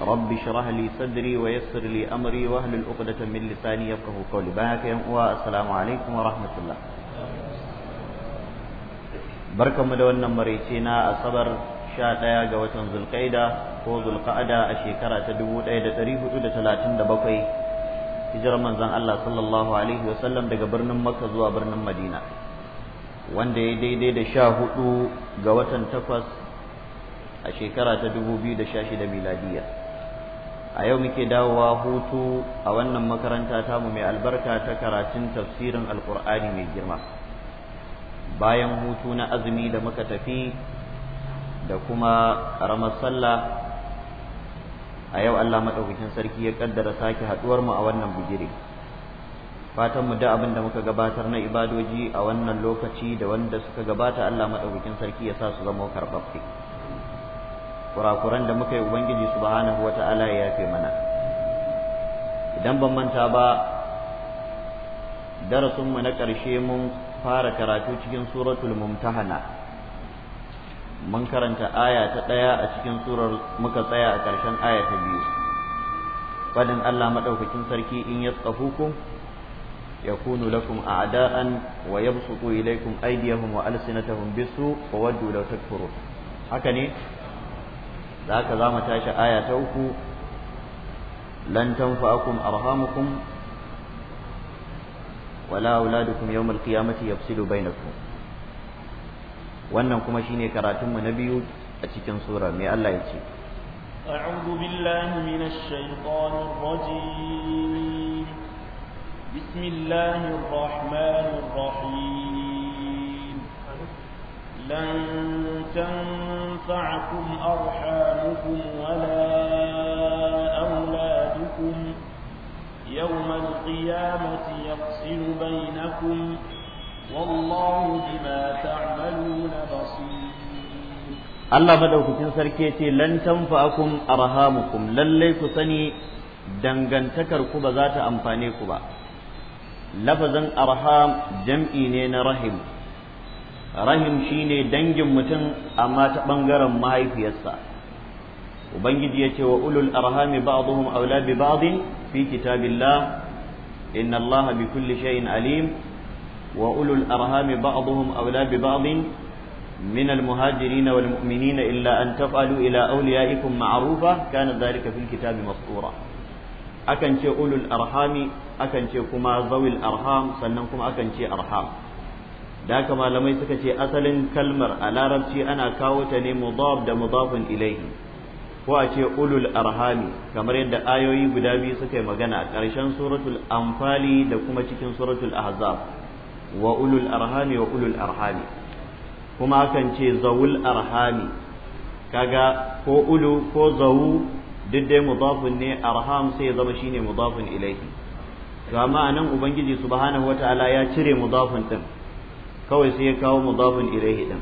رب اشرح لي صدري ويسر لي امري واهلل عقدة من لساني يفقه قولي بارك يا السلام عليكم ورحمة الله maraice na مريتينا sha ɗaya ga watan zulqaida ko zulqa'ada a shekara ta 1437 hijirar manzon Allah sallallahu alaihi wasallam daga birnin Makka zuwa birnin Madina wanda ya daidai da sha hudu ga watan takwas a shekara ta shida miladiya a yau muke dawowa hutu a wannan makaranta tamu mai albarka ta karatun tafsirin alkur'ani mai girma bayan hutu na azumi da muka tafi da kuma ƙaramar sallah a yau allah maɗaukakin sarki ya ƙaddara sake haɗuwar mu a wannan bugire fatan mu da abin da muka gabatar na ibadoji a wannan lokaci da wanda suka gabata allah maɗaukakin sarki ya sa su zama karɓaɓɓe kurakuran da muka yi ubangiji subhanahu wata'ala ya yafe mana idan ban manta ba darasinmu na ƙarshe mun fara karatu cikin suratul mumtahana mun karanta aya ta ɗaya a cikin surar muka tsaya a ƙarshen aya ta biyu Faɗin Allah maɗaukakin sarki in yasqafukum يكون لكم أعداء ويبسطوا إليكم أيديهم wa بالسوء وودوا لو Haka ne. da haka za mu tashi aya ta uku lan tanfa'akum arhamukum wala auladukum yawmal qiyamati yafsilu bainakum wannan kuma shine karatun mu na biyu a cikin sura mai Allah ya ce أعوذ بالله من الشيطان الرجيم بسم الله الرحمن الرحيم لن تنفعكم أرحامكم ولا أولادكم يوم القيامة يفصل بينكم والله بما تعملون بصير Allah madaukakin sarki ce lan tanfa'akum arhamukum lalle ku sani dangantakar ku ba za ta amfane ku ba lafazin arham jam'i ne na rahim rahim shine dangin mutum amma ta ɓangaren mahaifiyarsa ubangiji ya ce wa ulul arhami ba'dhum awla bi ba'din fi kitabillah inna allah bi kulli shay'in alim wa ulul arhami ba'dhum awla bi ba'din من المهاجرين والمؤمنين إلا أن تفعلوا إلى أوليائكم معروفا كان ذلك في الكتاب مسطورا أكن شيء أولو الأرحام أكن شيء كما ذوي الأرحام سنن كما أكن أرحام da haka malamai suka ce asalin kalmar a larabci ana kawo ta ne mudab da mudafin ilaihi ko a ce ulul arhami kamar yadda ayoyi guda biyu suka yi magana ƙarshen suratul anfali da kuma cikin suratul ahzab wa ulul arhami wa ulul arhami kuma akan ce zawul arhami kaga ko ulu ko zawu duk dai mudafin ne arham sai ya zama shine mudafin ilaihi to amma anan ubangiji subhanahu wataala ya cire mudafin din kawai sai ya kawo mudafin ilaihi din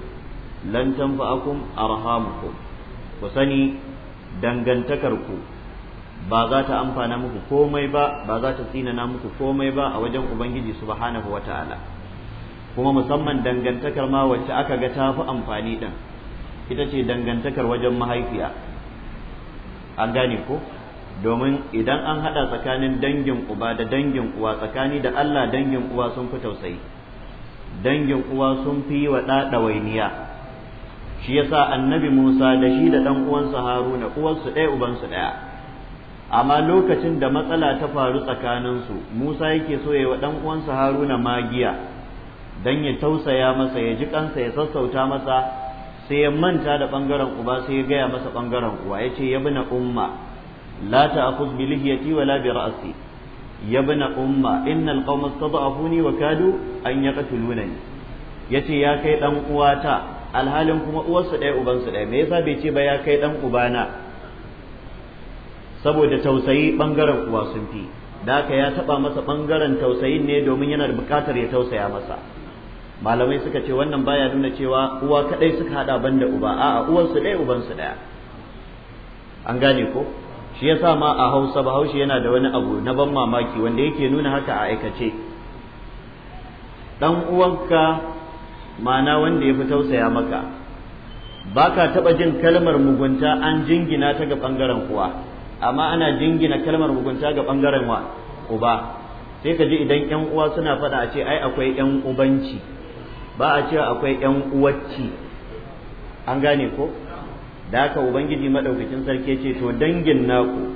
lan tanfa'akum arhamukum ku sani dangantakarku ba za ta amfana muku komai ba ba za ta tsinana muku komai ba a wajen ubangiji subhanahu wata'ala kuma musamman dangantakar ma wacce aka ga ta fi amfani din ita ce dangantakar wajen mahaifiya an gane ko domin idan an haɗa tsakanin dangin uba da dangin uwa tsakani da Allah dangin uwa sun fi tausayi dangin uwa sun fi wa wa wainiya. shi yasa annabi musa da shi da ɗan uwansa haruna uwansu ɗaya ubansu ɗaya amma lokacin da matsala ta faru tsakaninsu musa yake so ya wa ɗan uwansa haruna magiya don ya tausaya masa ya ji kansa ya sassauta masa sai ya manta da ɓangaren uba sai ya gaya masa ɓangaren uwa ya ce ya bi na umma la ta akuz bi lihiyati wala bi ra'asi ya bina umma innal qawma stada'afuni wa kadu an yace ya kai dan uwata alhalin kuma uwarsu ɗaya ubansu ɗaya me yasa bai ce ba ya kai dan ubana saboda tausayi bangaren uwa sun fi da ka ya taɓa masa ɓangaren tausayin ne domin yana da bukatar ya tausaya masa malamai suka ce wannan baya nuna cewa uwa kaɗai suka hada banda uba a'a uwarsu ɗaya ubansu ɗaya an gane ko shi yasa ma a Hausa Bahaushe yana da wani abu na ban mamaki wanda yake nuna haka a aikace Ɗan uwanka mana wanda ya fi tausaya maka baka taɓa jin kalmar mugunta an jingina ta ga bangaren kuwa amma ana jingina kalmar mugunta ga bangaren wa uba sai ka ji idan yan uwa suna faɗa a ce ai akwai yan ubanci ba a ce akwai yan uwacci an gane ko da haka ubangiji madaukakin sarki ce to dangin naku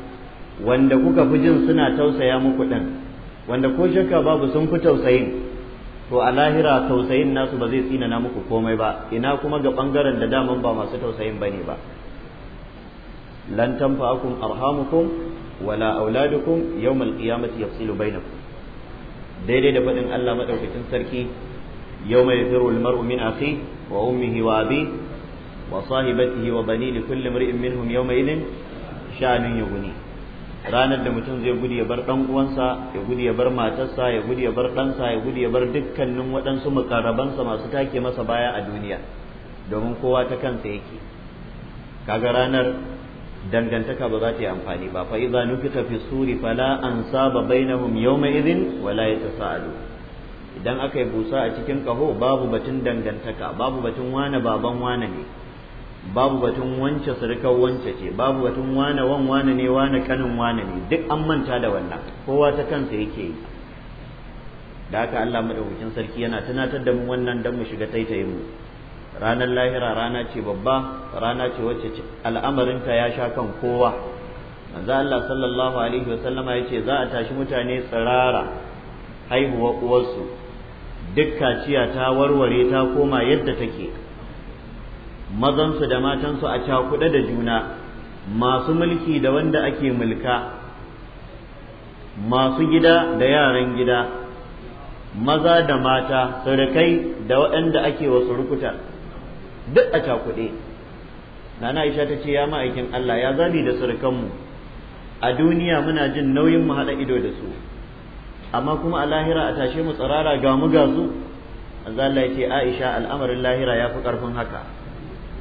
wanda kuka fi jin suna tausaya muku ɗan wanda ko shakka babu sun fi tausayin to a lahira tausayin nasu ba zai tsina na muku komai ba ina kuma ga ɓangaren da daman ba masu tausayin ba ne ba lan tanfa'akum arhamukum wala auladukum yawmal qiyamati yafsilu bainakum daidai da faɗin Allah madaukakin sarki yawma yafiru al-mar'u min akhihi wa ummihi wa abihi وصاحبته وبني لكل امرئ منهم يومئذ شأن يغني ranar da mutum zai gudu ya bar dan uwansa ya gudu ya bar matarsa ya gudu ya bar ɗansa ya gudu ya bar dukkanin waɗansu mukarrabansa masu take masa baya a duniya domin kowa ta kansa yake kaga ranar dangantaka ba za ta yi amfani ba fa idza nukita fi suri fala ansaba bainahum yawma idhin wala yatasaalu idan aka yi busa a cikin kaho babu batun dangantaka babu batun wane baban wane ne babu batun wance surukar wance ce babu batun wane wan wane ne wane kanin wane ne duk an manta da wannan kowa ta kansa yake yi da haka Allah madaukakin sarki yana tunatar da mu wannan dan mu shiga taitaye mu ranar lahira rana ce babba rana ce wacce al'amarin ta ya sha kan kowa manzo Allah sallallahu alaihi wa sallama yace za a tashi mutane tsirara haihuwa uwarsu duk kaciya ta warware ta koma yadda take mazansu da matansu a cakuɗe da juna masu mulki da wanda ake mulka masu gida da yaran gida maza da mata surukai da waɗanda ake wasu rukuta duk a cakuɗe na aisha ta ce ya ma'aikin Allah ya zabi da surukanmu a duniya muna jin nauyin mu haɗa ido da su amma kuma a lahira a tashe mu tsirara ga mu ga su Allah ya ce Aisha al'amarin lahira ya fi ƙarfin haka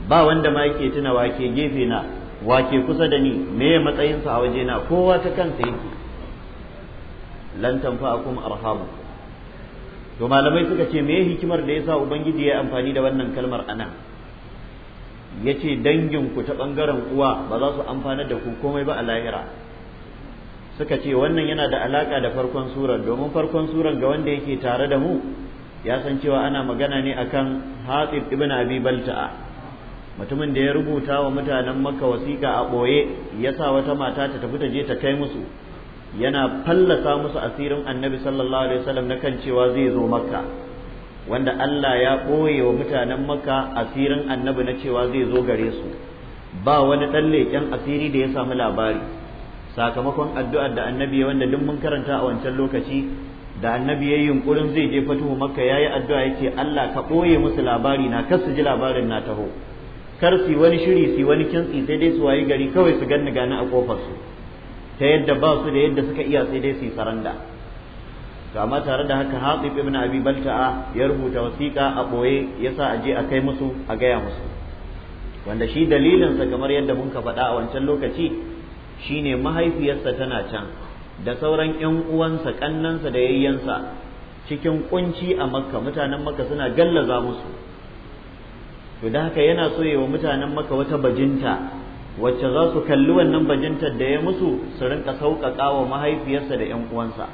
ba wanda ma yake tuna wake gefe na wake kusa da ni me matsayinsa a waje na kowa ta kansa yake lan akum arhamu to malamai suka ce me hikimar da yasa ubangiji ya amfani da wannan kalmar anan yace dangin ku ta bangaren uwa ba za su amfana da ku komai ba a lahira suka ce wannan yana da alaka da farkon surar domin farkon suran ga wanda yake tare da mu ya san cewa ana magana ne akan Hatib ibn Abi Balta'a mutumin da ya rubuta wa mutanen maka wasiƙa a ɓoye ya sa wata mata ta tafi ta je ta kai musu yana fallasa musu asirin annabi sallallahu alaihi wasallam na kan cewa zai zo makka wanda Allah ya ɓoye wa mutanen maka asirin annabi na cewa zai zo gare su ba wani ɗan leƙen asiri da ya samu labari sakamakon addu'ar da annabi wanda duk mun karanta a wancan lokaci da annabi ya yi yunkurin zai je fatuhu makka ya yi addu'a ya ce Allah ka ɓoye musu labari na kar su ji labarin na taho kar su wani shiri su wani kintsi sai dai su wayi gari kawai su ganni gani a kofar su ta yadda ba su da yadda suka iya sai dai su yi saranda to amma tare da haka Hatib ibn Abi Balta'a ya rubuta wasiƙa a boye yasa a je a kai musu a gaya musu wanda shi dalilin sa kamar yadda mun ka faɗa a wancan lokaci shine mahaifiyarsa tana can da sauran ƴan uwansa kannansa da yayyansa cikin kunci a makka mutanen makka suna gallaza musu to da haka yana so wa mutanen maka wata bajinta wacce za su kalli wannan bajintar da ya musu su rinka sauƙaƙa wa mahaifiyarsa da ‘yan uwansa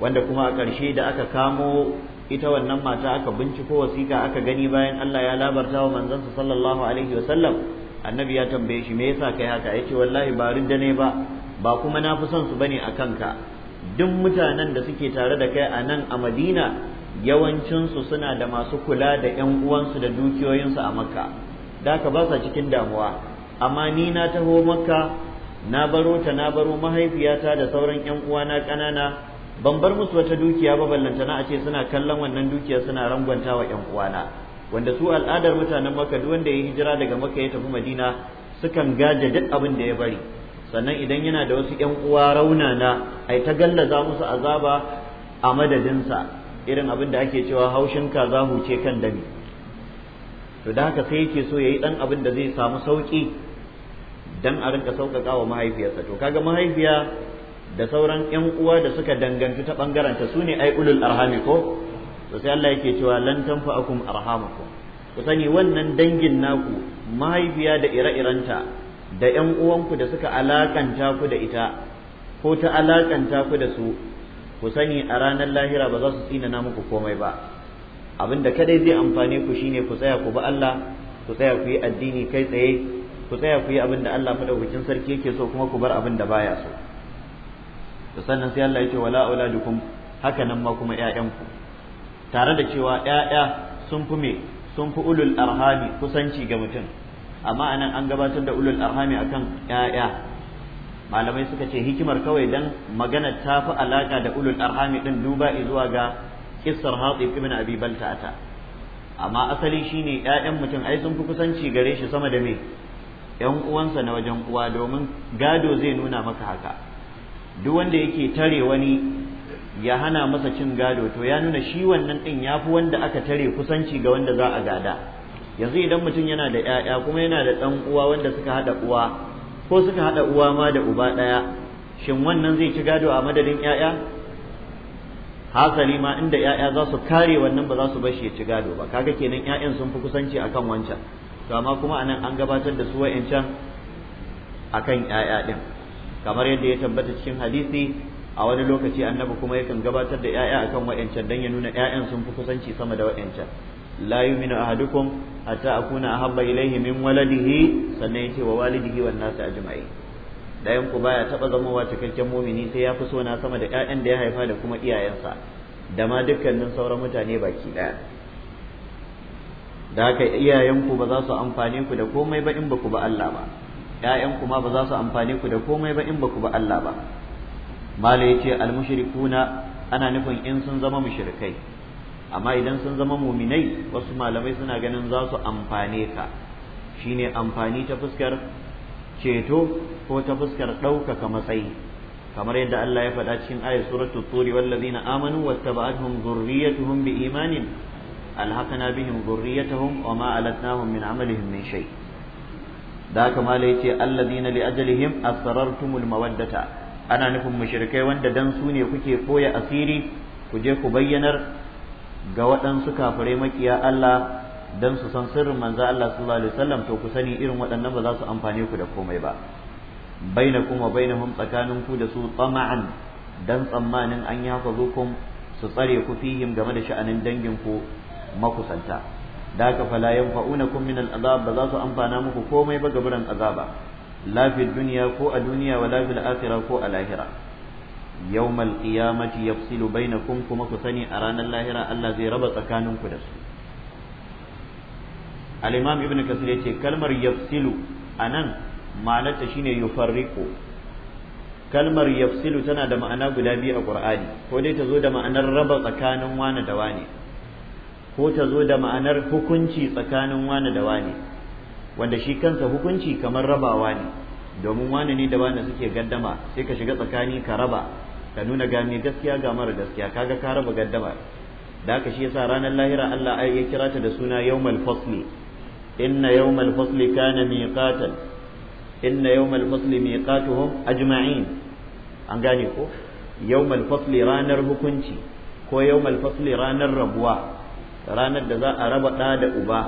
wanda kuma a ƙarshe da aka kamo ita wannan mata aka binciko wasiƙa aka gani bayan Allah ya labarta wa manzansa sallallahu alaihi wasallam annabi ya tambaye shi me yasa kai haka yace wallahi ba ridda ne ba ba kuma na fi son su bane a kanka duk mutanen da suke tare da kai a nan a Madina yawancinsu suna da masu kula da 'yan uwansu da dukiyoyinsu a makka da ka ba sa cikin damuwa amma ni na taho makka na baro ta na baro mahaifiyata da sauran 'yan uwana ƙanana ban bar musu wata dukiya ba na, a ce suna kallon wannan dukiya suna rangwanta wa 'yan uwana wanda su al'adar mutanen makka duk wanda ya hijira daga makka ya tafi madina sukan gaje duk abin da ya bari sannan idan yana da wasu 'yan uwa raunana ai ta gallaza musu azaba a madadinsa irin abin da ake cewa haushin kaza huce kan dami to da haka sai yake so yayi dan abin da zai samu sauki dan a rinka sauƙaƙa wa mahaifiyarsa to kaga mahaifiya da sauran 'yan uwa da suka danganci ta bangaren ta sune ai ulul arhami ko to sai Allah yake cewa lan tanfa'akum arhamakum ku sani wannan dangin naku mahaifiya da ire-irenta da 'yan uwanku da suka alakanta ku da ita ko ta alakanta ku da su ku sani a ranar lahira ba za su tsina tsinana muku komai ba abin da kadai zai amfane ku shine ku tsaya ku bi Allah ku tsaya ku yi addini kai tsaye ku tsaya ku yi abin da Allah madaukakin sarki yake so kuma ku bar abin da baya so to sannan sai Allah yake wala auladukum haka nan ma kuma ƴaƴanku tare da cewa ƴaƴa sun fi me sun fi ulul arhami kusanci ga mutum amma anan an gabatar da ulul arhami akan ƴaƴa malamai suka ce hikimar kawai dan magana ta fi alaka da ulul arhami din duba zuwa ga kissar hatib ibn abi balta'ata amma asali shine ƴaƴan mutum ai sun fi kusanci gare shi sama da me ƴan uwansa na wajen uwa domin gado zai nuna maka haka duk wanda yake tare wani ya hana masa cin gado to ya nuna shi wannan din ya fi wanda aka tare kusanci ga wanda za a gada yanzu idan mutum yana da ƴaƴa kuma yana da ɗan uwa wanda suka haɗa uwa ko suka haɗa uwa ma da uba ɗaya shin wannan zai ci gado a madadin 'ya'ya? hasali ma inda 'ya'ya za su kare wannan ba za su bar shi ya ci gado ba kaga kenan ƴaƴan sun fi kusanci akan wancan to amma kuma anan an gabatar da su wa'ancan akan 'ya'ya din kamar yadda ya tabbata cikin hadisi a wani lokaci annabi kuma yakan gabatar da ƴaƴa akan wa'ancan dan ya nuna 'ya'yan sun fi kusanci sama da wa'ancan la yu'minu ahadukum hatta akuna ahabba ilayhi min waladihi sannan yace wa walidihi wan a ajma'in dayan ku baya taba zamowa cikakken mumini sai ya fi so na sama da ƴaƴan da ya haifa da kuma iyayensa da ma dukkanin sauran mutane baki daya da haka iyayenku ba za su amfane ku da komai ba in ba ku ba Allah ba ƴaƴanku ma ba za su amfane ku da komai ba in ba ku ba Allah ba mala yace al mushrikuna ana nufin in sun zama mushrikai amma idan sun zama muminai wasu malamai suna ganin za su amfane ka shine amfani ta fuskar ceto ko ta fuskar ɗaukaka matsayi kamar yadda Allah ya faɗa cikin ayat suratul turi wallazina amanu wattaba'atuhum dhurriyyatuhum biimanin alhaqna bihim dhurriyyatahum wama alatnahum min amalihim min shay da haka mala yace alladhina li ajlihim asrartumul mawaddata ana nufin mushrikai wanda dan su ne kuke koya asiri ku je ku bayyanar ga waɗansu kafirai makiya Allah don su san sirrin manzo Allah sallallahu alaihi wasallam to ku sani irin waɗannan ba za su amfane ku da komai ba bainakum wa bainahum tsakanin ku da su tsama'an dan tsammanin an yafazukum su tsare ku fihim game da sha'anin dangin ku makusanta da haka fala yanfa'unakum min al'azab ba za su amfana muku komai ba gaburan azaba ba. Lafiyar duniya ko a duniya wa la fil ko a lahira yawmal qiyamati yafsilu bainakum kuma ku sani a ranar lahira Allah zai raba tsakaninku da su al-imam ibnu kasir yace kalmar yafsilu anan ma'anarta shine Yufarriko. kalmar yafsilu tana da ma'ana guda biyu a Kur'ani, ko dai ta zo da ma'anar raba tsakanin wani da wani ko ta zo da ma'anar hukunci tsakanin wani da wani wanda shi kansa hukunci kamar rabawa ne domin wani ne da wani suke gaddama sai ka shiga tsakani ka raba ka nuna ga mai gaskiya ga mara gaskiya kaga ka raba gaddama da haka shi yasa ranar lahira Allah ai ya kira ta da suna yawmal fasli inna yawmal fasli kana miqatan inna yawmal fasli miqatuhum ajma'in an gane ko yawmal fasli ranar hukunci ko yawmal fasli ranar rabuwa ranar da za a raba ɗa da uba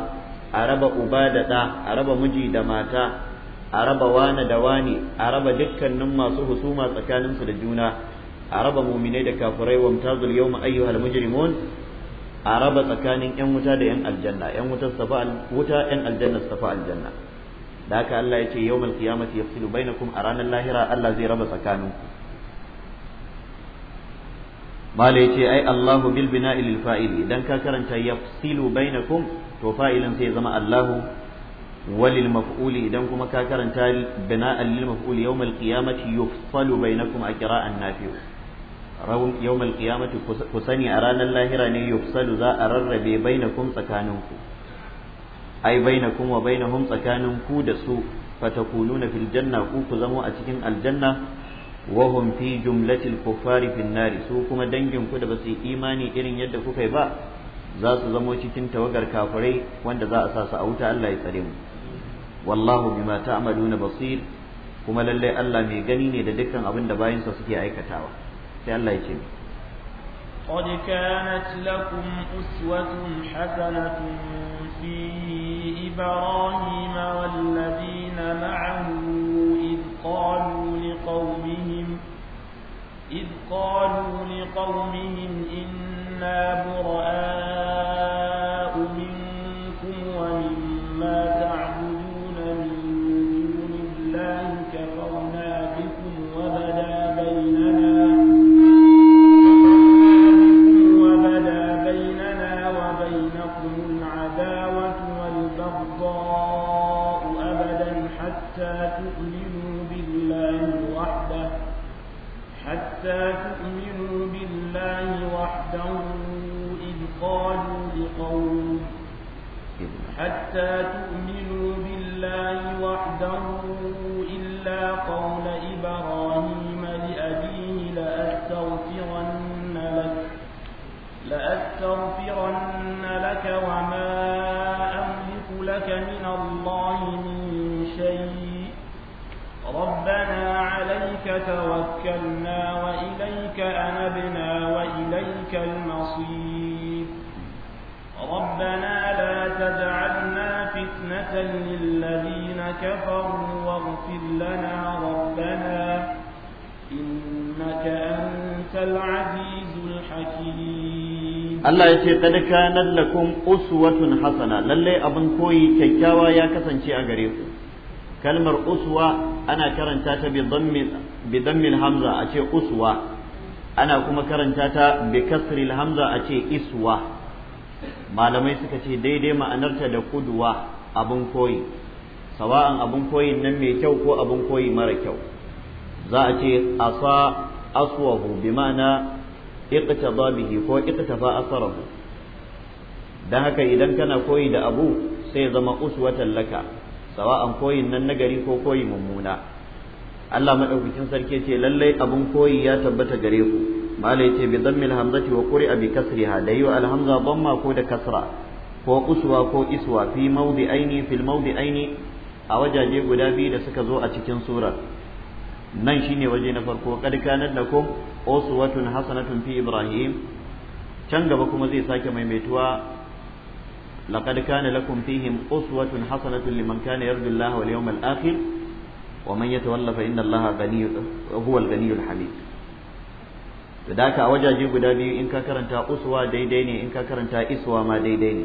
a raba uba da ɗa a raba miji da mata a raba wane da wani, a raba dukkanin masu husuma tsakaninsu da juna a raba muminai da kafirai wa mutazul yawma ayyuhal mujrimun a raba tsakanin yan wuta da yan aljanna yan wuta safa wuta yan aljanna safa aljanna da haka Allah ya ce yawmal qiyamati yafsilu bainakum a ranar lahira Allah zai raba tsakaninku mala ya ce ai Allahu bil bina'i lil fa'ili idan ka karanta yafsilu bainakum to fa'ilin sai zama Allahu walil maf'uli idan kuma ka karanta bina'an lil maf'uli yawmal qiyamati yufsalu bainakum a qira'an nafi'u yawmal qiyamati ku sani a ranar lahira ne yufsalu za a rarrabe bainakum tsakaninku ai bainakum wa bainahum tsakanin ku da su fatakununa fil janna ku ku zamo a cikin aljanna wa hum fi jumlatil kuffari fin su kuma dangin ku da basu imani irin yadda kuka ba za su zamo cikin tawagar kafirai wanda za a sa su a wuta Allah ya tsare mu wallahu bima na basir kuma lallai Allah mai gani ne da dukkan abin da bayinsa suke aikatawa الله يجيب قد كانت لكم أسوة حسنة في إبراهيم والذين معه إذ قالوا لقومهم إذ قالوا لقومهم إنا برآء عليك توكلنا وإليك أنبنا وإليك المصير ربنا لا تجعلنا فتنة للذين كفروا واغفر لنا ربنا إنك أنت العزيز الحكيم الله يتي قد لكم أسوة حسنة للي أبن كوي كيكاوا يا كسنشي أغريكم kalmar uswa ana karanta ta bi hamza a ce uswa ana kuma karanta ta bi kasril hamza a ce iswa malamai suka ce daidai ma'anarta da kuduwa abin koyi sawa'an abun koyi nan mai kyau ko abin koyi mara kyau za a ce asa aswahu bi ma'ana iqtada bihi ko iqtafa asarahu dan haka idan kana koyi da abu sai zama uswatan laka sawa'an koyin nan nagari ko koyi mummuna Allah madaukakin sarki ce lallai abun koyi ya tabbata gare ku malai ce bi dhammil hamzati wa quri'a bi kasriha da yiwa alhamza dhamma ko da kasra ko uswa ko iswa fi aini, fil aini. a wajaje guda biyu da suka zo a cikin surar nan shine waje na farko qad kanat lakum uswatun hasanatun fi ibrahim can gaba kuma zai sake maimaituwa لقد كان لكم فيهم أسوة حسنة لمن كان يرجو الله واليوم الآخر ومن يتولى فإن الله غني هو الغني الحميد a wajaje guda biyu in ka karanta uswa daidai ne in ka karanta iswa ma daidai ne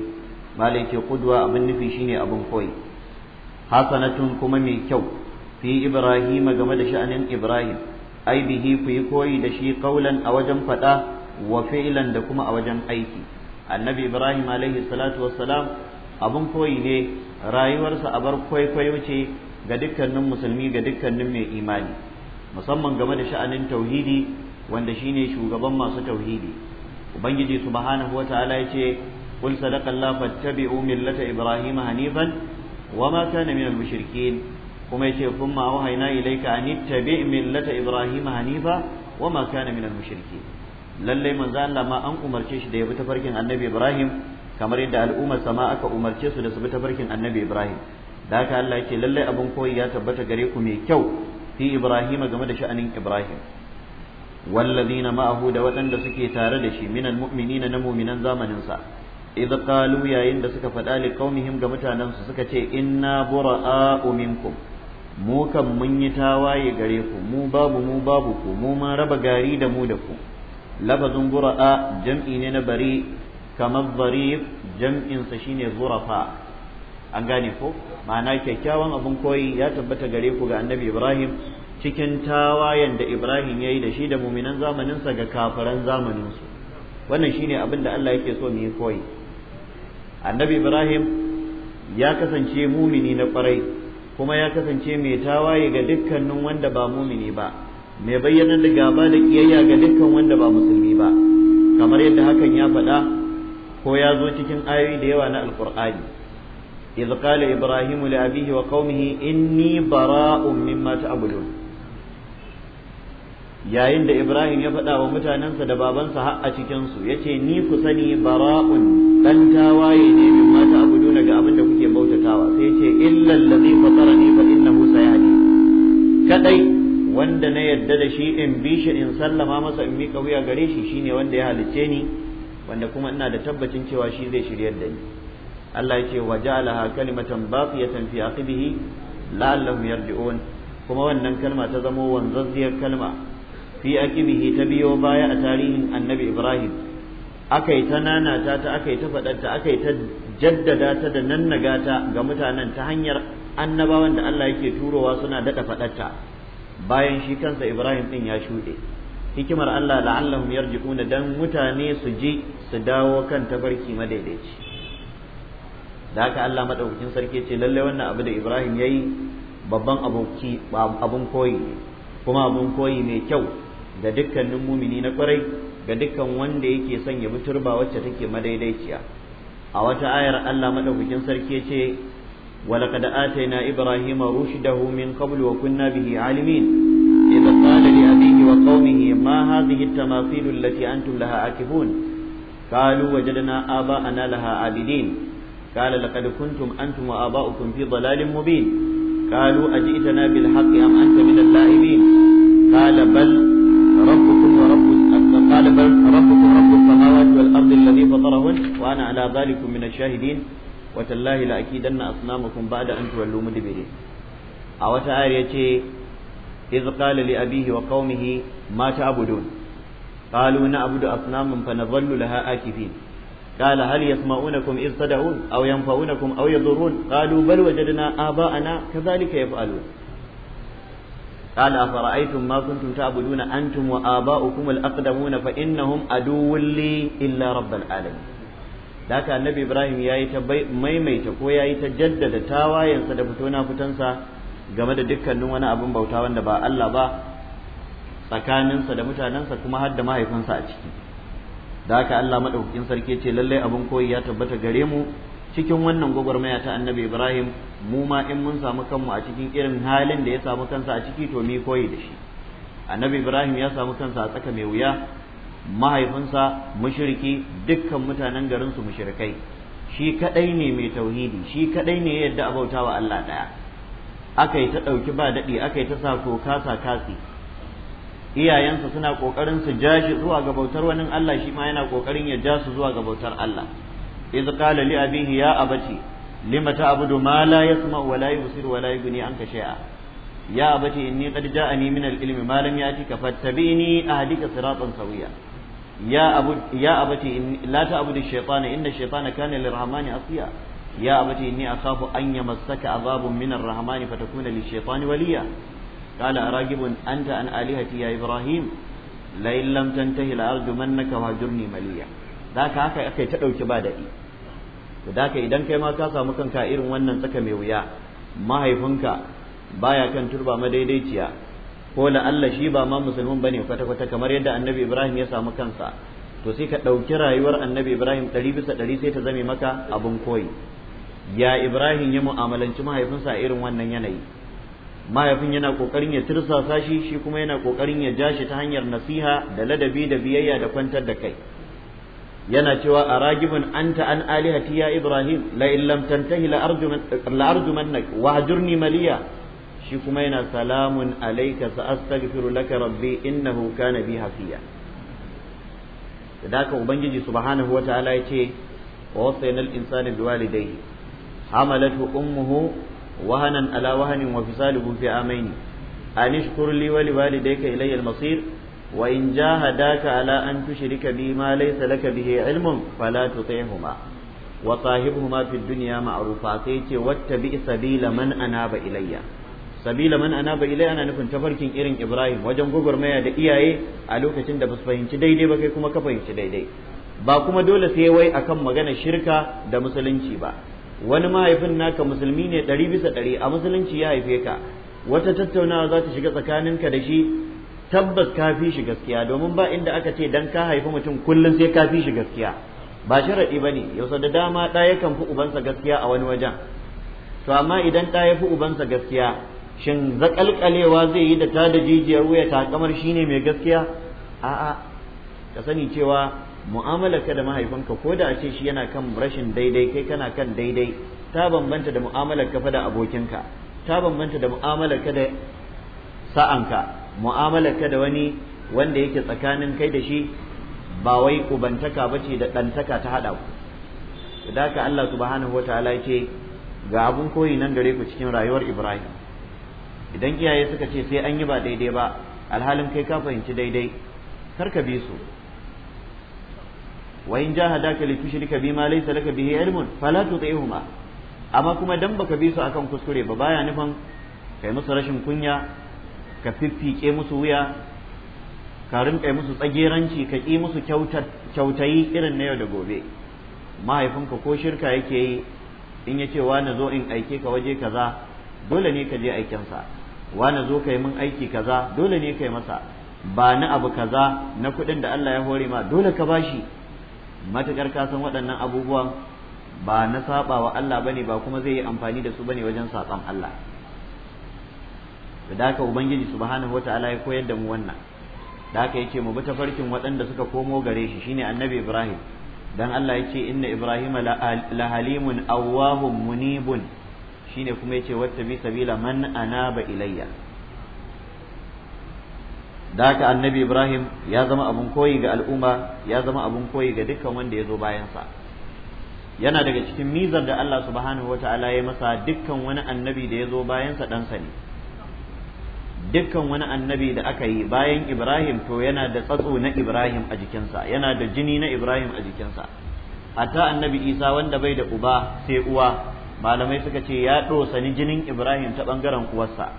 malai ce kudwa abin nufi shine abin koyi hasanatun kuma mai kyau fi ibrahima game da sha'anin ibrahim ai bihi ku yi koyi da shi kaulan a wajen faɗa wa fi'lan da kuma a wajen aiki annabi ibrahim alaihi salatu wassalam abun koyi ne rayuwarsa a bar kwaikwayo ce ga dukkanin musulmi ga dukkanin mai imani musamman game da sha'anin tauhidi wanda shine shugaban masu tauhidi ubangiji subhanahu ta'ala ya ce qul sadaqallahu fattabi'u millata ibrahima hanifan wama kana minal mushrikin kuma yace thumma awhayna ilayka an ittabi' millata ibrahima hanifa wama kana minal mushrikin lallai manzo Allah ma an umarce shi da ya bi tafarkin annabi Ibrahim kamar yadda al'ummar sama aka umarce su da su bi tafarkin annabi Ibrahim da haka Allah lallai abun koyi ya tabbata gare ku mai kyau fi Ibrahim game da sha'anin Ibrahim والذين معه da waɗanda suke tare da shi minan mu'minina na mu'minan zamanin sa idh qalu yayin da suka faɗa li ga mutanen su suka ce inna bura'a minkum mu kan mun yi tawaye gare ku mu babu mu babu ku mu ma raba gari da mu da ku labazin bura'a jam'i ne na bari kamar جمع jam'insa shine zurafa an gane ko ma'ana kyakkyawan abin koyi ya tabbata gare ku ga annabi ibrahim cikin tawayen da ibrahim ya yi da shi da muminan zamaninsa ga kafiran zamaninsu wannan shine abin da allah yake so mu yi koyi annabi ibrahim ya kasance mumini na kwarai kuma ya kasance mai tawaye ga dukkanin wanda ba mumini ba mai bayyanar da gaba da kiyayya ga dukkan wanda ba musulmi ba kamar yadda hakan ya faɗa ko ya zo cikin ayoyi da yawa na alƙur'ani. idh qala ibrahimu li abihi wa qaumihi inni bara'un mimma ta'budun yayin da ibrahim ya faɗawa wa mutanensa da babansa har a cikin su yace ni ku sani bara'un dan tawaye ne mimma ta'buduna ga abin da kuke bautatawa sai yace illal ladhi fatarani fa innahu sayahdi kadai wanda na yadda da shi in bi shi in sallama masa in miƙa wuya gare shi shine wanda ya halicce ni wanda kuma ina da tabbacin cewa shi zai shiryar da ni Allah ya ce wa ja'alaha kalimatan baqiyatan fi aqibihi la'allahum yarji'un kuma wannan kalma ta zamo wanzazziyar kalma fi aqibihi ta biyo baya a tarihin annabi Ibrahim akai ta nanata ta akai ta faɗarta akai ta jaddada ta da nan nagata ga mutanen ta hanyar annabawan da Allah yake turowa suna daɗa faɗarta bayan shi kansa Ibrahim din ya shuɗe hikimar Allah la'allahum yarji'una dan mutane su ji su dawo kan barki madaidaici da haka Allah madaukakin sarki ce lalle wannan abu da Ibrahim yayi babban aboki abun koyi ne kuma abun koyi mai kyau ga dukkanin mumini na kwarai ga dukkan wanda yake son ya bi turba wacce take madaidaiciya a wata ayar Allah madaukakin sarki ce ولقد آتينا إبراهيم رشده من قبل وكنا به عالمين إذ قال لأبيه وقومه ما هذه التماثيل التي أنتم لها عاكفون قالوا وجدنا آباءنا لها عابدين قال لقد كنتم أنتم وآباؤكم في ضلال مبين قالوا أجئتنا بالحق أم أنت من اللاعبين قال بل ربكم ورب قال بل ربكم رب السماوات والأرض الذي فطرهن وأنا على ذلك من الشاهدين watallahi la na asnamakum ba'da an tuwallu mudbiri a wata ayar yace iz qala li abihi wa qaumihi ma ta'budun qalu na'budu asnaman fa nadhallu laha akifin قال هل يسمعونكم إذ تدعون أو ينفعونكم أو يضرون قالوا بل وجدنا آباءنا كذلك يفعلون قال أفرأيتم ما كنتم تعبدون أنتم وآباؤكم الأقدمون فإنهم عدو لي إلا رب العالمين da haka annabi ibrahim ya yi ta maimaita ko ya yi ta jaddada tawayensa da fito na fitansa game da dukkanin wani abin bauta wanda ba Allah ba tsakaninsa da mutanensa kuma har da mahaifinsa a ciki da haka Allah maɗaukakin sarki ce lallai abin koyi ya tabbata gare mu cikin wannan gwagwarmaya ta annabi Ibrahim mu ma in mun samu kanmu a cikin irin halin da ya samu kansa a ciki to mi koyi da shi annabi Ibrahim ya samu kansa a tsaka mai wuya mahaifinsa mushriki dukkan mutanen garin su mushrikai shi kadai ne mai tauhidi shi kadai ne yadda abautawa Allah daya aka yi ta ɗauki ba daɗi aka yi ta sa ko kasa kasi iyayensa suna ƙoƙarin su ja shi zuwa ga bautar wani Allah shi ma yana kokarin ya ja su zuwa ga bautar Allah iz qala li abihi ya abati lima ta'budu ma la yasma wa la yusir wa la yughni anka shay'a ya abati inni qad ja'ani min al-ilmi ma lam ka fattabi'ni ahdika siratan sawiya ya abu ya abati la ta'budu shaytana inna shaytana kana lirrahmani asiya ya abati inni akhafu an yamassaka azabun min arrahmani fatakuna lishaytani waliya qala aragibun anta an alihati ya ibrahim la in lam tantahi la arjumannaka wahjurni maliya daka haka akai ta ɗauki ba dadi to daka idan kai ma ka samu kanka irin wannan tsaka mai wuya mahaifinka baya kan turba madaidaiciya ko Allah shi ba ma musulmin bane kwata-kwata kamar yadda annabi ibrahim ya samu kansa to sai ka ɗauki rayuwar annabi ibrahim ɗari bisa ɗari sai ta zame maka abin koyi ya ibrahim ya mu'amalanci mahaifinsa a irin wannan yanayi mahaifin yana kokarin ya tirsasa shi shi kuma yana kokarin ya ja shi ta hanyar nasiha da ladabi da biyayya da kwantar da kai yana cewa a ragibin anta an alihati ya ibrahim la in tantahi la arjumannak wa maliya shi kuma yana salamun alaika sa astaghfiru laka rabbi innahu kana bi hafiya sadaka ubangiji subhanahu ta'ala yace wa wasayna al insana bi walidayhi hamalathu ummuhu wahanan ala wahanin wa fisaluhu fi amaini an ishkur li wa liwalidayka ilayya al masir wa in jahadaka ala an tushrika bi ma laysa laka bihi ilmun fala tuti'huma wa sahibhuma fid dunya ma'rufa sai yace wattabi sabila man anaba ilayya sabila man anaba ilai ana nufin tafarkin irin Ibrahim wajen gwagwarmaya da iyaye a lokacin da ba su fahimci daidai ba kai kuma ka fahimci daidai ba kuma dole sai wai akan magana shirka da musulunci ba wani mahaifin naka musulmi ne ɗari bisa ɗari a musulunci ya haife ka wata tattaunawa za ta shiga tsakaninka da shi tabbas ka fi shi gaskiya domin ba inda aka ce dan ka haifi mutum kullum sai ka fi shi gaskiya ba sharaɗi ba ne yau da dama ɗaya kan fi ubansa gaskiya a wani wajen to amma idan ɗaya fi ubansa gaskiya shin zakalkalewa zai yi da ta da jijiyar wuya shi shine mai gaskiya a'a ka sani cewa mu'amalarka da mahaifinka ko da a ce shi yana kan rashin daidai kai kana kan daidai ta bambanta da mu'amala ka fa da abokinka ta bambanta da mu'amala ka da sa'anka mu'amala ka da wani wanda yake tsakanin kai da shi ba wai ubantaka bace da ɗantaka ta haɗa ku da haka Allah subhanahu wataala ya ce ga abun koyi nan gare ku cikin rayuwar Ibrahim idan iyaye suka ce sai an yi ba daidai ba alhalin kai ka fahimci daidai kar ka bi su wa in jahadaka li tushrika bima laysa laka bihi ilmun fala tuti'huma amma kuma dan baka bi su akan kuskure ba baya nufin kai musu rashin kunya ka fiffike musu wuya ka rinka musu tsageranci ka ƙi musu kyautayi irin na yau da gobe mahaifinka ko shirka yake yi in ya ce na zo in aike ka waje kaza dole ne ka je aikensa wani zo ka yi mun aiki kaza dole ne kai masa ba na abu kaza na kuɗin da Allah ya hore ma dole ka bashi matukar ka san waɗannan abubuwan ba na saba wa Allah bane ba kuma zai yi amfani da su ba ne wajen saƙon Allah da haka ubangiji subhanahu Ala ya koyar da mu wannan da haka yake mu bi tafarkin waɗanda suka komo gare shi shine annabi Ibrahim dan Allah yake inna Ibrahim la halimun awwahum munibun shine kuma yace wata bi sabila man anaba ilayya da annabi ibrahim ya zama abun koyi ga al'umma ya zama abun koyi ga dukkan wanda ya zo bayansa yana daga cikin mizar da allah subhanahu wata'ala ya masa dukkan wani annabi da ya zo bayansa ɗansa ne dukkan wani annabi da aka yi bayan ibrahim to yana da tsatso na ibrahim a jikinsa yana da jini na ibrahim a jikinsa hatta annabi isa wanda bai da uba sai uwa malamai suka ce ya ɗosani jinin ibrahim ta ɓangaren uwarsa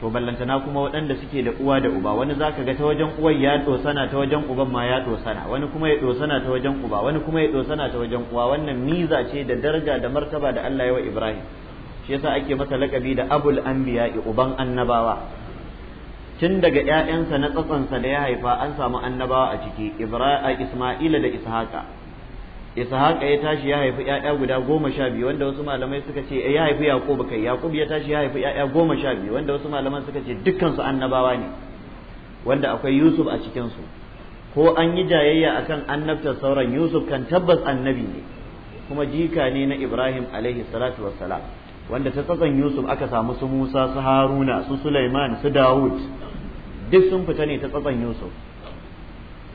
to ballantana kuma waɗanda suke da uwa da uba wani zaka ga ta wajen uwar ya ɗosana ta wajen uban ma ya ɗosana wani kuma ya ɗosana ta wajen uba wani kuma ya ɗosana ta wajen uwa wannan miza ce da daraja da martaba da Allah ya wa ibrahim shi yasa ake masa lakabi da abul anbiya uban annabawa tun daga ƴaƴansa na tsatsansa da ya haifa an samu annabawa a ciki Ibrahim Isma'ila da Ishaqa ishaqa ya tashi ya haifi 'ya'ya guda goma sha biyu wanda wasu malamai suka ce eh, ya haifi yaqub kai yaqub ya tashi ya haifi 'ya'ya goma sha biyu wanda wasu malaman suka ce dukkan annabawa ne wanda akwai yusuf a cikin su ko an yi jayayya akan annabtar sauran yusuf kan tabbas annabi ne kuma jika ne na ibrahim alaihi salatu wassalam wanda ta tsatsan yusuf aka samu su musa su haruna su sulaiman su dawud duk sun fita ne ta tsatsan yusuf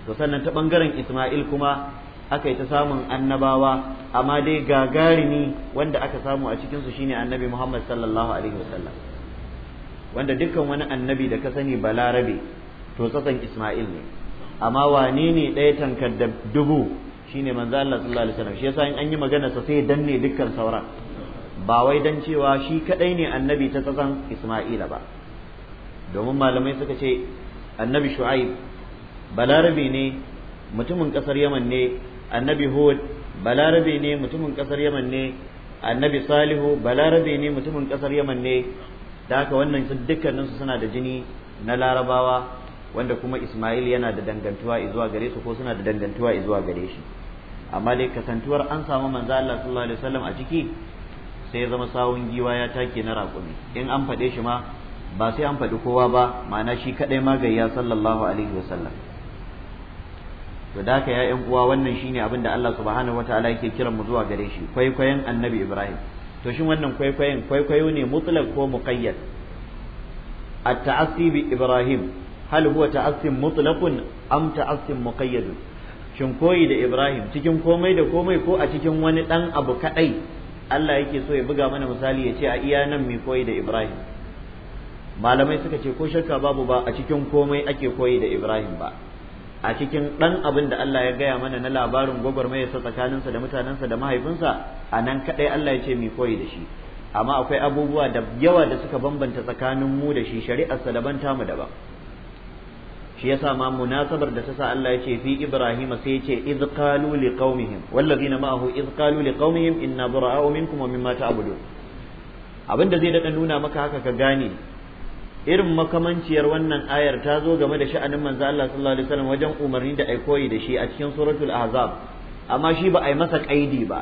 to sannan ta bangaren isma'il kuma aka yi ta samun annabawa amma dai gagarumi wanda aka samu a cikinsu shine annabi muhammad sallallahu alaihi wasallam wanda dukkan wani annabi da ka sani balarabe to tsatsan isma'il ne amma wane ne ɗaya tankar da dubu shine manzo Allah sallallahu alaihi wasallam shi yasa in an yi magana sa sai danne dukkan sauran ba wai dan cewa shi kadai ne annabi ta tsatsan isma'ila ba domin malamai suka ce annabi shu'aib balarabe ne mutumin kasar yaman ne annabi hud balarabe ne mutumin kasar yaman ne annabi salihu balarabe ne mutumin kasar yaman ne da haka wannan dukkaninsu suna da jini na larabawa wanda kuma ismail yana da dangantuwa izuwa gare su ko suna da dangantuwa izuwa gare shi amma dai kasantuwar an samu manzo Allah sallallahu alaihi wasallam a ciki sai ya zama sawun giwa ya take na raƙumi in an faɗe shi ma ba sai an faɗi kowa ba ma'ana shi kaɗai ma gayya sallallahu alaihi wasallam to da haka ya'yan uwa wannan shine abin da Allah subhanahu wataala yake kiran mu zuwa gare shi kwaikwayon annabi Ibrahim to shin wannan kwaikwayon kwaikwayo ne mutlaq ko muqayyad at-ta'assi bi Ibrahim hal huwa ta'assin mutlaqun am ta'assin muqayyad shin koyi da Ibrahim cikin komai da komai ko a cikin wani dan abu kadai Allah yake so ya buga mana misali ya ce a iya nan mai koyi da Ibrahim malamai suka ce ko shakka babu ba a cikin komai ake koyi da Ibrahim ba a cikin ɗan abin da Allah ya gaya mana na labarin gwagwarmayarsa tsakaninsa da mutanensa da mahaifinsa a nan kaɗai Allah ya ce mi koyi da shi amma akwai abubuwa da yawa da suka bambanta tsakanin mu da shi shari'arsa daban tamu daban shi yasa ma munasabar da ta sa Allah ya ce fi Ibrahim sai ya ce iz qalu liqaumihim wallazina ma'ahu iz qalu liqaumihim inna bara'u minkum wa mimma ta'budun abinda zai daɗa nuna maka haka ka gane irin makamanciyar wannan ayar ta zo game da sha'anin manzo Allah sallallahu alaihi wasallam wajen umarni da ai koyi da shi a cikin suratul ahzab amma shi ba ai masa kaidi ba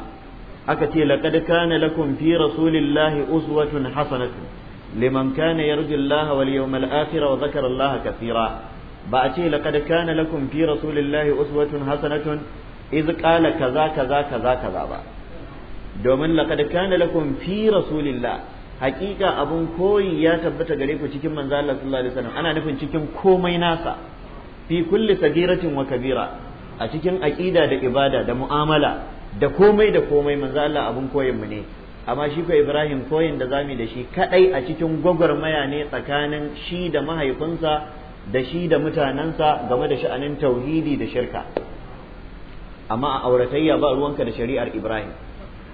aka ce laqad kana lakum fi rasulillahi uswatun hasanatun liman kana yarju Allah wal yawmal akhir wa dhakara Allah kathira ba a ce laqad kana lakum fi rasulillahi uswatun hasanatun iz qala kaza kaza kaza kaza ba domin laqad kana lakum fi rasulillah hakika abun koyi ya tabbata gare ku cikin manzo Allah sallallahu alaihi wasallam ana nufin cikin komai nasa fi kulli sagiratin wa kabira a cikin aqida da ibada da mu'amala da komai da komai manzo Allah abun koyin mu ne amma shi ko Ibrahim koyin da zamu da shi kadai a cikin gwagwarmaya ne tsakanin shi da mahaifinsa da shi da mutanansa game da sha'anin tauhidi da shirka amma a auratayya ba ruwanka da shari'ar Ibrahim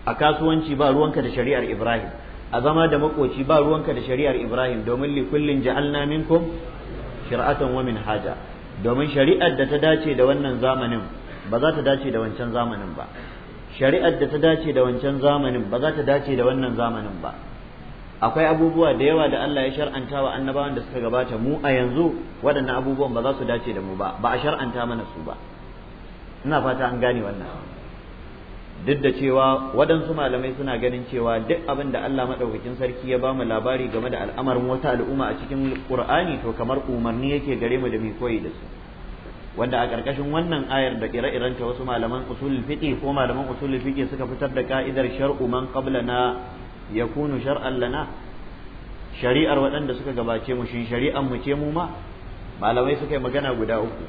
a kasuwanci ba ruwanka da shari'ar Ibrahim a zama da makoci ba ruwanka da shari'ar Ibrahim domin li kullin ja'alna minkum shir'atan wa minhaja domin shari'ar da ta dace da wannan zamanin ba za ta dace da wancan zamanin ba shari'ar da ta dace da wancan zamanin ba za ta dace da wannan zamanin ba akwai abubuwa da yawa da Allah ya shar'anta wa annabawan da suka gabata mu a yanzu waɗannan abubuwan ba za su dace da mu ba ba a shar'anta mana su ba ina fata an gane wannan duk da cewa waɗansu malamai suna ganin cewa duk abin da Allah maɗaukakin sarki ya ba mu labari game da al'amarin wata al'umma a cikin Qur'ani to kamar umarni yake gare mu da mai koyi da su wanda a ƙarƙashin wannan ayar da ire-iren ta wasu malaman usulul fiqh ko malaman usulul fiqh suka fitar da ka'idar shar'u man qablana yakunu shar'an lana shari'ar waɗanda suka gabace mu shin shari'an mu ce mu ma malamai suka yi magana guda uku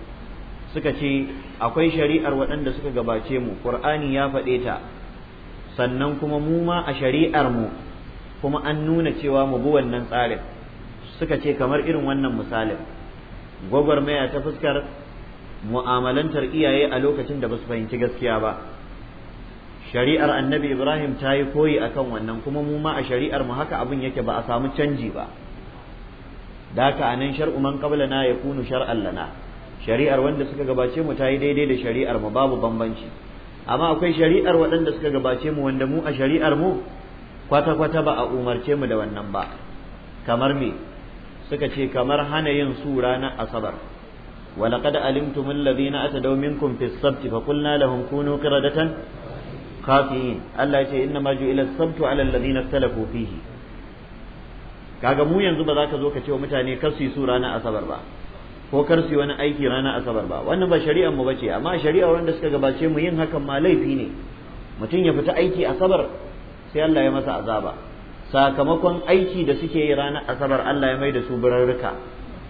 suka ce akwai shari'ar waɗanda suka gabace mu qur'ani ya faɗe ta sannan kuma mu ma a shari'ar mu kuma an nuna cewa mu bi wannan tsarin suka ce kamar irin wannan misalin gwagwarmaya ta fuskar mu'amalantar iyaye a lokacin da ba su fahimci gaskiya ba shari'ar annabi ibrahim ta yi koyi akan wannan kuma mu ma a shari'ar mu haka abin yake ba a samu canji ba Daka haka anan shar'u man qablana yakunu shar'an lana shari'ar wanda suka gabace mu ta yi daidai da shari'ar mu babu bambanci amma akwai shari'ar waɗanda suka gabace mu wanda mu a shari'ar mu kwata-kwata ba a umarce mu da wannan ba kamar me suka ce kamar hana yin su ranar asabar ولقد علمتم الذين أتدوا منكم في السبت فقلنا لهم كونوا قردة خافين الله يقول إنما جئ إلى السبت على الذين اختلفوا فيه kaga mu yanzu ba za ka zo ka ce wa mutane kar su yi su ranar asabar ba ko kar su yi wani aiki ranar asabar ba wannan ba shari'ar mu bace amma shari'ar wanda suka gabace mu yin hakan ma laifi ne mutum ya fita aiki asabar sai Allah ya masa azaba sakamakon aiki da suke yi ranar asabar Allah ya mai da su birarruka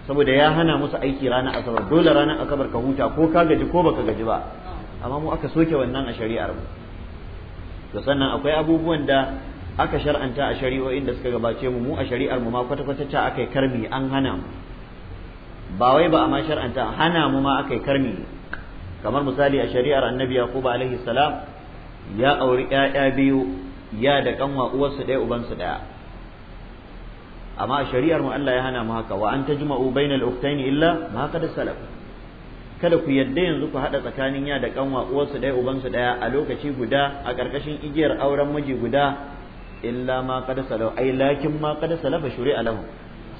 saboda ya hana musu aiki ranar asabar dole ranar asabar ka huta ko ka gaji ko baka gaji ba amma mu aka soke wannan a shari'ar mu to sannan akwai abubuwan da aka shar'anta a shari'o'in da suka gabace mu mu a shari'ar mu ma kwata-kwata ta aka yi karmi an hana mu ba wai ba a ma shar'anta hana mu ma aka yi karmi kamar misali a shari'ar annabi yaqub alaihi salam ya auri ƴaƴa biyu ya da kanwa uwarsu ɗaya ubansu ɗaya amma a shari'ar mu Allah ya hana mu haka wa an tajma'u bainal ukhtaini illa ma qad salaf kada ku yadda yanzu ku haɗa tsakanin ya da kanwa uwarsu ɗaya ubansu ɗaya a lokaci guda a ƙarƙashin igiyar auren miji guda illa ma qad salafa ai lakin ma qad salafa shuri'a lahum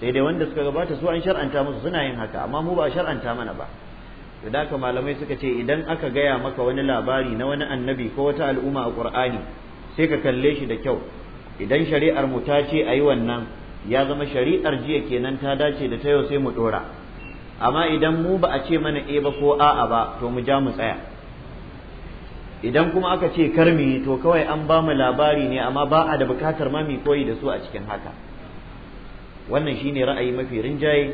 sai dai wanda suka gabata su an shar'anta musu suna yin haka amma mu ba a shar'anta mana ba da haka malamai suka ce idan aka gaya maka wani labari na wani annabi ko wata al'umma a qur'ani sai ka kalle shi da kyau idan shari'ar mu ta ce ayi wannan ya zama shari'ar jiya kenan ta dace da ta yau sai mu dora amma idan mu ba a ce mana e ba ko a'a ba to mu ja mu tsaya idan kuma aka ce karmi to kawai an ba mu labari ne amma ba a da bukatar mami mu koyi da su a cikin haka wannan shine ra'ayi mafi rinjaye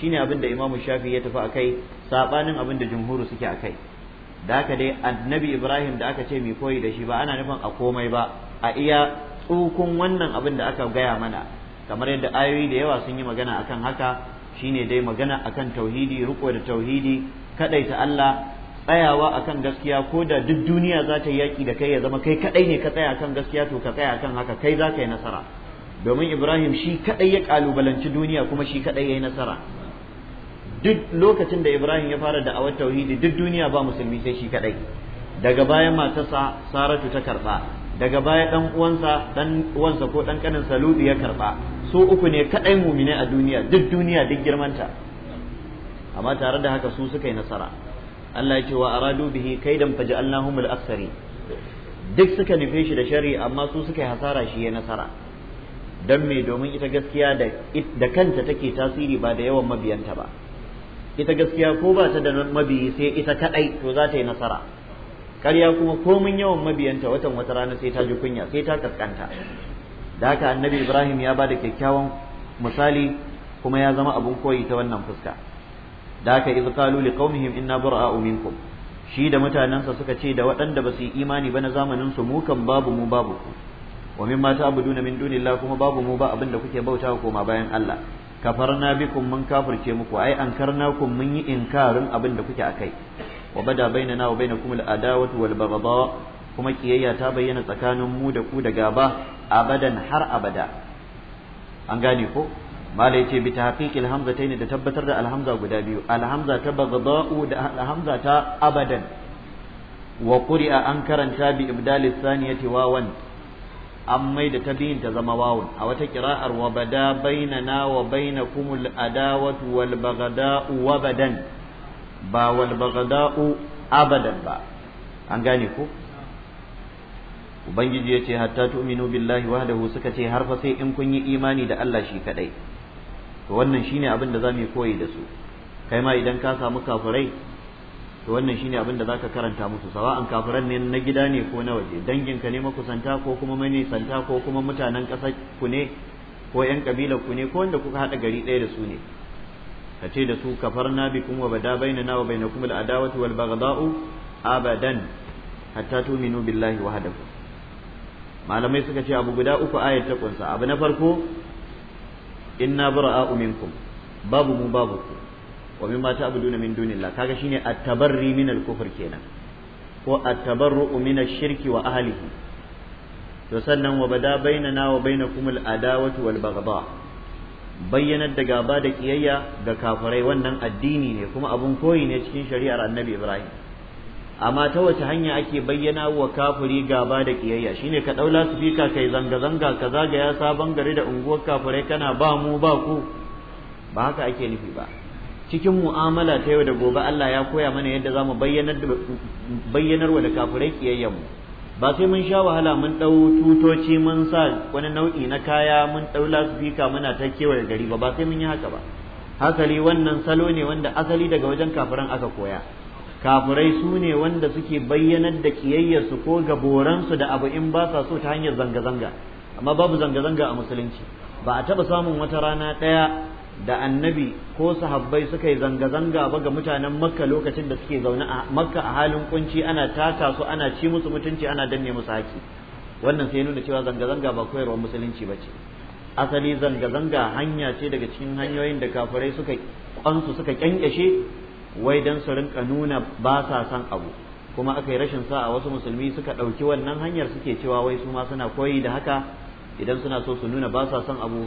shine abin da imamu shafi ya tafi akai Saɓanin abin da jumhuru suke a kai. da haka dai annabi ibrahim da aka ce mai koyi da shi ba ana nufin a komai ba a iya tsukun wannan abin da aka gaya mana kamar yadda ayoyi da yawa sun yi magana akan haka shine dai magana akan tauhidi riko da tauhidi ta Allah tsayawa akan gaskiya ko da duk duniya za ta yi yaki da kai ya zama kai kaɗai ne ka tsaya kan gaskiya to ka tsaya kan haka kai za ka yi nasara domin Ibrahim shi kadai ya kalubalanci duniya kuma shi kadai ya nasara duk lokacin da Ibrahim ya fara da awar tauhidi duk duniya ba musulmi sai shi kadai daga baya matarsa Saratu ta karba daga baya dan uwansa dan uwansa ko dan kanin Saludu ya karba su uku ne kadai mumine a duniya duk duniya duk girmanta amma tare da haka su suka yi nasara Allah ya ce wa aradu bihi kaidan faj'alnahumul aksari duk suka nufe shi da shari amma su suka yi hasara shi ya nasara don me domin ita gaskiya da kanta take tasiri ba da yawan mabiyanta ba ita gaskiya ko ba ta da mabiyi sai ita kadai to za ta yi nasara ƙarya kuma komin yawan mabiyanta watan wata rana sai ta ji kunya sai ta kaskanta da haka annabi ibrahim ya ba da kyakkyawan misali kuma ya zama abun koyi ta wannan fuska da haka idh qalu liqaumihim inna bura'u minkum shi da mutanensa suka ce da waɗanda ba su yi imani ba na zamanin su mukan kan babu mu babu ku wa mimma ta'buduna min dunillahi kuma babu mu ba abin kuke bauta koma bayan Allah kafarna bikum mun kafurce muku ai ankarnakum mun yi inkarin abin da kuke akai wa bada bainana wa bainakum al-adawatu wal baghdha kuma kiyayya ta bayyana tsakanin mu da ku da gaba abadan har abada an gane ko malai ce bi tahqiqil hamzatayn da tabbatar da alhamza guda biyu alhamza ta baghdha'u da alhamza ta abadan an karanta bi wawan an mai da biyun ta zama wawun a wata kira'ar wa bada bainana wa kumul, adawatu wal wa wabadan ba wal baghda'u abadan ba an gane ko ubangiji ya ce hatta tu'minu billahi wahdahu suka ce har fa sai in kun yi imani da Allah shi kaɗai, to wannan shine abin da zamu koyi da su kai ma idan ka samu kafirai to wannan shine abin da zaka karanta musu sawa'an kafiran ne na gida ne ko na waje danginka ne makusanta ko kuma mani santa ko kuma mutanen ƙasar ku ne ko yan kabilar ku ne ko wanda kuka haɗa gari ɗaya da su ne ka ce da su kafarna bikum wa bada bainana wa bainakum al wal baghda'u abadan hatta tu'minu billahi wahdahu malamai suka ce abu guda uku ayat ta kunsa abu na farko inna bara'u minkum babu mu babu ku wa mimma ta'buduna min dunillah kaga shine at-tabarri min al-kufr kenan ko at-tabarru'u min ash-shirki wa ahlihi to sannan wa bada na wa wal bayyanar da gaba da kiyayya ga kafirai wannan addini ne kuma abun koyi ne cikin shari'ar annabi ibrahim amma ta wace hanya ake bayyana wa kafiri gaba da kiyayya shine ka daula su fika kai zanga zanga ka zagaya sabon gari da unguwar kafirai kana ba mu ba ku ba haka ake nufi ba cikin mu'amala ta yau da gobe Allah ya koya mana yadda za mu bayyanar wa da kafirai kiyayyen mu ba sai mun sha wahala mun ɗau tutoci mun sa wani nau'i na kaya mun ɗau lasifika muna ta kewaye gari ba ba sai mun yi haka ba hakali wannan salo ne wanda asali daga wajen kafiran aka koya kafirai su ne wanda suke bayyanar da kiyayyarsu ko gaboransu da abu in ba sa so ta hanyar zanga-zanga amma babu zanga-zanga a musulunci ba a taɓa samun wata rana ɗaya da annabi ko sahabbai suka yi zanga-zanga ba ga mutanen makka lokacin da suke zaune a makka a halin kunci ana taka su ana ci musu mutunci ana danne musu haki wannan sai nuna cewa zanga-zanga ba koyarwa musulunci ba ce asali zanga-zanga hanya ce daga cikin hanyoyin da kafirai suka kwansu suka kyankyashe wai dan su rinka nuna ba sa son abu kuma aka yi rashin sa a wasu musulmi suka ɗauki wannan hanyar suke cewa wai su ma suna koyi da haka idan suna so su nuna ba sa son abu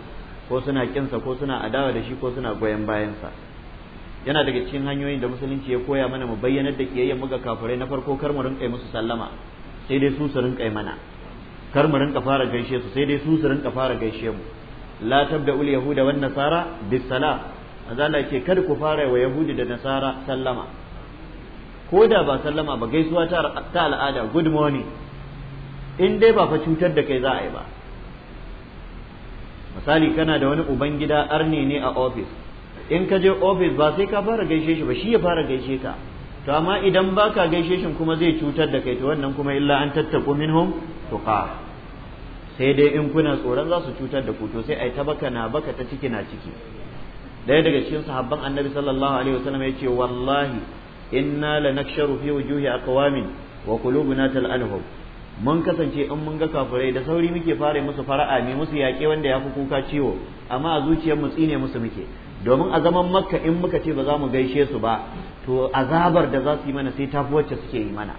ko suna kinsa ko suna adawa da shi ko suna goyon bayansa yana daga cikin hanyoyin da musulunci ya koya mana mu bayyanar da kiyayyen muga ga kafirai na farko kar mu rinka musu sallama sai dai su su rinka mana kar mu rinka fara gaishe su sai dai su su rinka fara gaishe mu la tabda ul yahuda wan nasara bis azala ke kar ku fara wa yahudi da nasara sallama ko da ba sallama ba gaisuwa ta al'ada good morning in dai ba fa cutar da kai za a yi ba misali kana da wani uban gida arne ne a ofis in ka je ofis ba sai ka fara gaishe shi ba shi ya fara gaishe ka to amma idan baka gaishe shi kuma zai cutar da kai to wannan kuma illa an tattaku minhum tuqa sai dai in kuna tsoron za su cutar da ku to sai ai ta baka na baka ta ciki na ciki daya daga cikin sahabban annabi sallallahu alaihi wasallam ya ce wallahi inna lanaksharu fi wujuhi aqwamin wa qulubuna tal'anuhum mun kasance in mun ga kafirai da sauri muke fara musu fara'a ne musu yaƙe wanda ya fi kuka ciwo amma a zuciyar mu tsine musu muke domin a zaman makka in muka ce ba za mu gaishe su ba to azabar da za su yi mana sai tafi wacce suke yi mana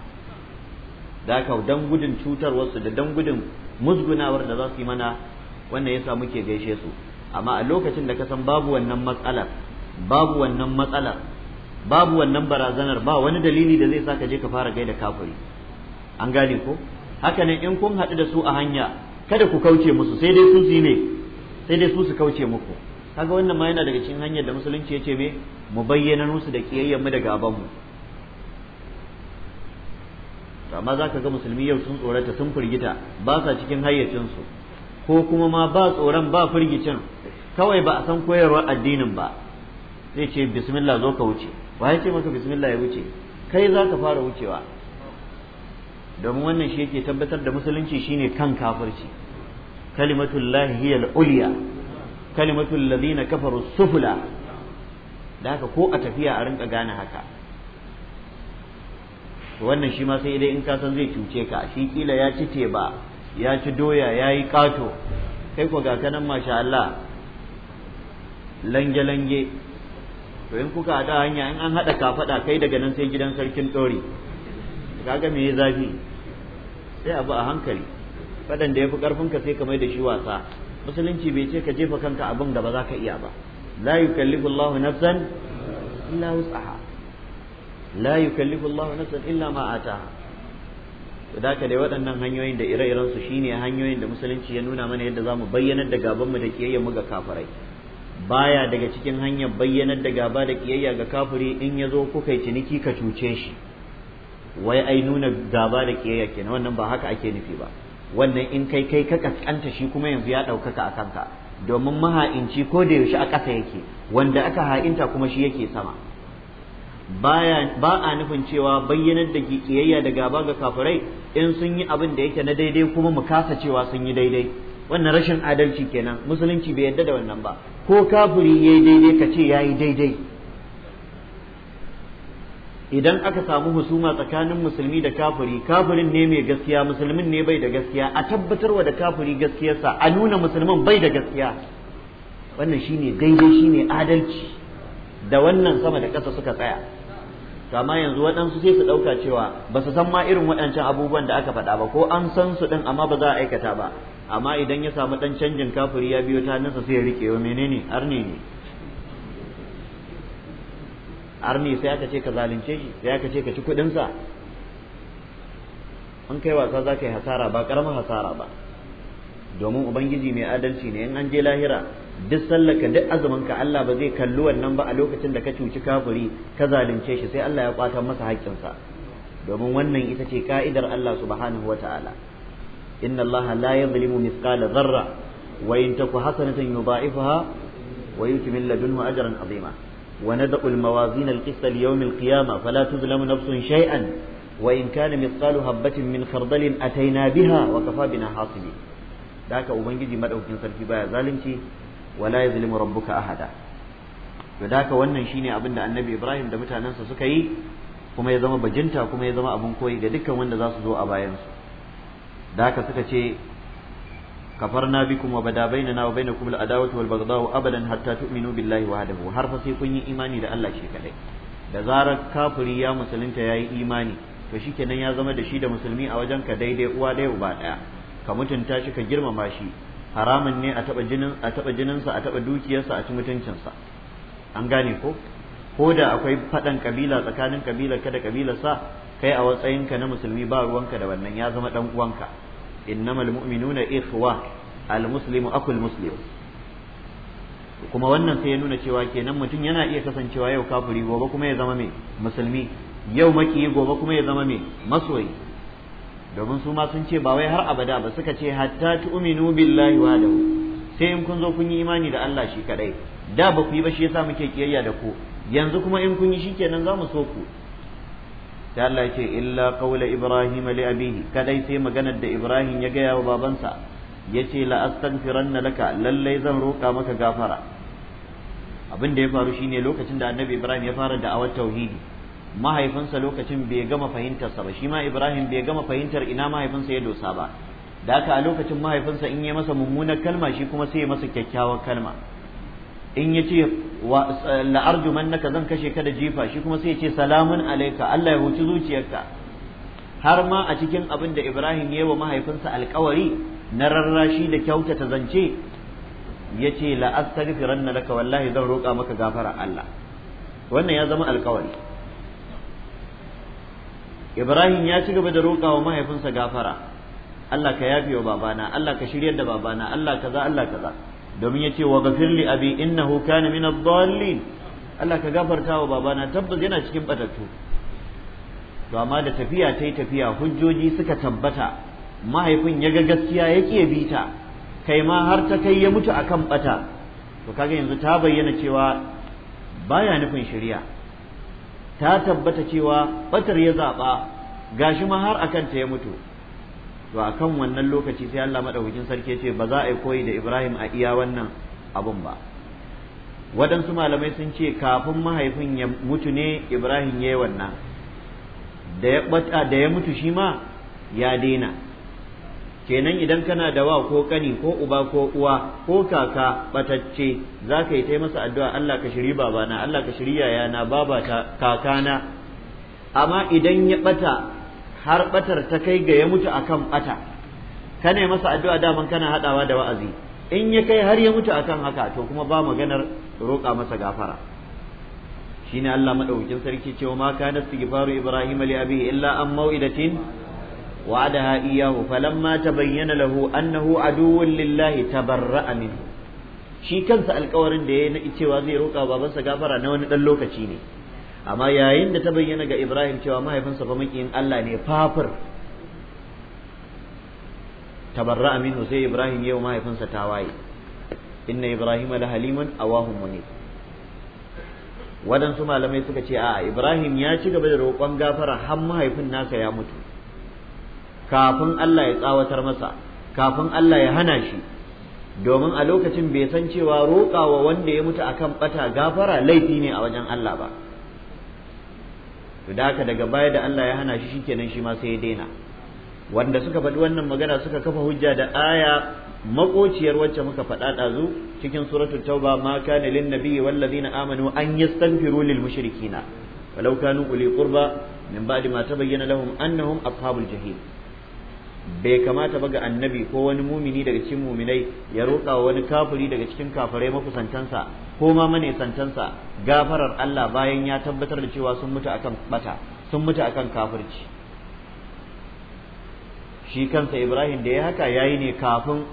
da haka dan gudun wasu da dan gudun musgunawar da za su yi mana wannan yasa muke gaishe su amma a lokacin da ka san babu wannan matsalar babu wannan matsalar babu wannan barazanar ba wani dalili da zai sa ka je ka fara gaida kafiri an gane ko haka ne in kun haɗu da su a hanya kada ku kauce musu sai dai su su ne sai dai su su kauce muku kaga wannan ma yana daga cikin hanyar da musulunci yace me mu bayyana musu da kiyayyen mu da gaban mu to amma zaka ga musulmi yau sun tsorata sun firgita ba sa cikin hayyacin su ko kuma ma ba tsoron ba firgicin kawai ba a san koyarwar addinin ba zai ce bismillah zo ka wuce wa ya ce maka bismillah ya wuce kai za ka fara wucewa domin wannan shi yake tabbatar da musulunci shine kan kafirci kalimatullahi hiya al-ulya kalimatul ladina kafaru sufula. da haka ko a tafiya a rinka gane haka wannan shi ma sai dai in ka san zai cuce ka shi kila ya ci teba ya ci doya ya yi kato kai ko ga kanan masha Allah lange-lange to in kuka haɗa hanya in an haɗa kafaɗa kai daga nan sai gidan sarkin ɗori kaga me ya zafi sai abu a hankali fadan da yafi karfin ka sai ka mai da shi wasa musulunci bai ce ka jefa kanka abin da ba za ka iya ba la yukallifu Allahu nafsan illa wus'aha la yukallifu Allahu nafsan illa ma ataha da ka dai waɗannan hanyoyin da ire-iren su shine hanyoyin da musulunci ya nuna mana yadda zamu bayyanar da gaban mu da kiyayya mu ga kafirai baya daga cikin hanyar bayyanar da gaba da kiyayya ga kafiri in ya zo kuka yi ciniki ka cuce shi wai ai nuna gaba da kiyayya kenan wannan ba haka ake nufi ba wannan in kai kai ka kaskanta shi kuma yanzu ya ɗaukaka a kanka domin maha'inci ko da yaushe a ƙasa yake wanda aka ha'inta kuma shi yake sama baya ba a nufin cewa bayyanar da kiyayya da gaba ga kafirai in sun yi abin da yake na daidai kuma mu kasa cewa sun yi daidai wannan rashin adalci kenan musulunci bai yadda da wannan ba ko kafiri yayi daidai ka ce yayi daidai idan aka samu husuma tsakanin musulmi da kafiri kafirin ne mai gaskiya musulmin ne bai da gaskiya a tabbatar wa da kafiri gaskiyarsa a nuna musulmin bai da gaskiya wannan shine daidai shine adalci da wannan sama da ƙasa suka tsaya to amma yanzu waɗansu sai su ɗauka cewa ba su san ma irin waɗancan abubuwan da aka faɗa ba ko an san su ɗin amma ba za a aikata ba amma idan ya samu ɗan canjin kafiri ya biyo ta nasa sai ya riƙe menene arne ne arni sai aka ce ka zalunce shi sai aka ce ka ci an kai wasa za ka yi hasara ba ƙaramin hasara ba domin ubangiji mai adalci ne in an je lahira duk sallaka duk ka Allah ba zai kalli wannan ba a lokacin da ka cuci kafuri ka zalunce shi sai Allah ya kwata masa haƙƙinsa domin wannan ita ce ka'idar Allah subhanahu wata'ala ta'ala inna Allah la yadhlimu mithqala dharra wa in taku hasanatan yudha'ifaha wa yuti min ajran azima ونضع الموازين القسط ليوم القيامة فلا تظلم نفس شيئا وإن كان مثقال هبة من خردل أتينا بها وكفى بنا حاصبين ذاك أبنجي مرأة في سلفي بايا ظالمتي ولا يظلم ربك أحدا فذاك wannan shine abin da annabi Ibrahim da mutanensa suka yi kuma ya zama bajinta kuma ya zama abin koyi ga dukkan wanda za su zo a bayansu da haka suka ce kafarna bikum wa bada bainana wa bainakum al-adawatu wal baghdau abadan hatta tu'minu billahi wahdahu har fa sai kun yi imani da Allah shi kadai da zarar kafiri ya musulunta yayi imani to shikenan ya zama da shi da musulmi a wajen ka daidai uwa ɗaya uba ɗaya ka mutunta shi ka girmama shi haramun ne a taɓa jinin a jininsa a taɓa dukiyarsa a ci mutuncinsa an gane ko ko da akwai faɗan kabila tsakanin kabilar ka da kabilar sa kai a matsayinka na musulmi ba ruwanka da wannan ya zama ɗan uwanka إنما المؤمنون إخوة al muslimu المسلم kuma wannan sai ya nuna cewa kenan mutum yana iya kasancewa yau kafuri gobe kuma ya zama mai musulmi yau makiyi gobe kuma ya zama mai masoyi domin su ma sun ce ba wai har abada ba suka ce hatta tu'minu billahi wahdahu sai in kun zo kun yi imani da Allah shi kadai da ba ku yi ba shi yasa muke kiyayya da ku yanzu kuma in kun yi shikenan za mu so ku sai Allah ce illa qawla ibrahim li abihi kadai sai maganar da ibrahim ya gaya wa babansa yace la astaghfiranna laka lallai zan roka maka gafara abin da ya faru shine lokacin da annabi ibrahim ya fara da'awar tauhidi mahaifinsa lokacin bai gama fahimtarsa ba shi ma ibrahim bai gama fahimtar ina mahaifinsa ya dosa ba da haka a lokacin mahaifinsa in ya masa mummunar kalma shi kuma sai ya masa kyakkyawar kalma in ya ce la'arjumannaka zan kashe ka da jifa shi kuma sai ya ce salamun alaika Allah ya huci zuciyarka har ma a cikin abin da Ibrahim ya wa mahaifinsa alkawari na rarrashi da kyautata zance ya ce na laka wallahi zan roƙa maka gafara Allah wannan ya zama alkawari Ibrahim ya ci gaba da roƙa wa mahaifinsa gafara Allah ka yafe wa babana Allah ka shiryar da babana Allah kaza Allah kaza domin ya ce wa li abi innahu kana min ad-dallin Allah ka gafarta wa babana tabbas yana cikin batattu to amma da tafiya ta yi tafiya hujjoji suka tabbata mahaifin ya ga gaskiya ya ƙi bi ta kai ma har ta kai ya mutu akan bata to kaga yanzu ta bayyana cewa baya nufin shirya ta tabbata cewa batar ya zaɓa gashi ma har akan ta ya mutu to a kan wannan lokaci sai Allah madaukakin sarki ce ba za a koyi da Ibrahim a iya wannan abun ba waɗansu malamai sun ce kafin mahaifin ya mutu ne Ibrahim ya yi wannan da ya mutu shi ma ya daina kenan idan kana da wa ko kani ko uba ko uwa ko kaka batacce za ka yi ta masa addu'a Allah ka shiri babana Allah ka shiri yayana babata kakana amma idan ya bata har batar ta kai ga ya mutu akan bata ka ne masa addu'a daman kana hadawa da wa'azi in ya kai har ya mutu akan haka to kuma ba maganar roƙa masa gafara shine Allah madaukakin sarki cewa ma kana istighfaru ibrahim li abihi illa an mau'idatin wa'adaha iyyahu falamma tabayyana lahu annahu aduwwun lillahi tabarra'a minhu shi kansa alƙawarin da ya yi na cewa zai roƙa babansa gafara na wani dan lokaci ne amma yayin da ta bayyana ga Ibrahim cewa mahaifinsa fa makiyin Allah ne fafir tabarra aminu sai Ibrahim yau mahaifinsa ta waye inna Ibrahim la haliman awahum munib waɗansu malamai suka ce a Ibrahim ya ci gaba da roƙon gafara har mahaifin nasa ya mutu kafin Allah ya tsawatar masa kafin Allah ya hana shi domin a lokacin bai san cewa roƙawa wanda ya mutu akan bata gafara laifi ne a wajen Allah ba to da haka daga baya da Allah ya hana shi shikenan shi ma sai ya daina wanda suka faɗi wannan magana suka kafa hujja da aya makociyar wacce muka faɗa ɗazu cikin suratul tauba ma kana lin nabiyyi wal ladina amanu an yastaghfiru lil mushrikina walau kanu uli qurba min ba'di ma tabayyana lahum annahum ashabul jahim bai kamata ba ga annabi ko wani mumini daga cikin muminai ya roƙa wani kafiri daga cikin kafirai makusantansa ko ma santansa gafarar Allah bayan ya tabbatar da cewa sun mutu akan bata sun mutu akan kafirci shi kansa Ibrahim da ya haka yayi ne kafin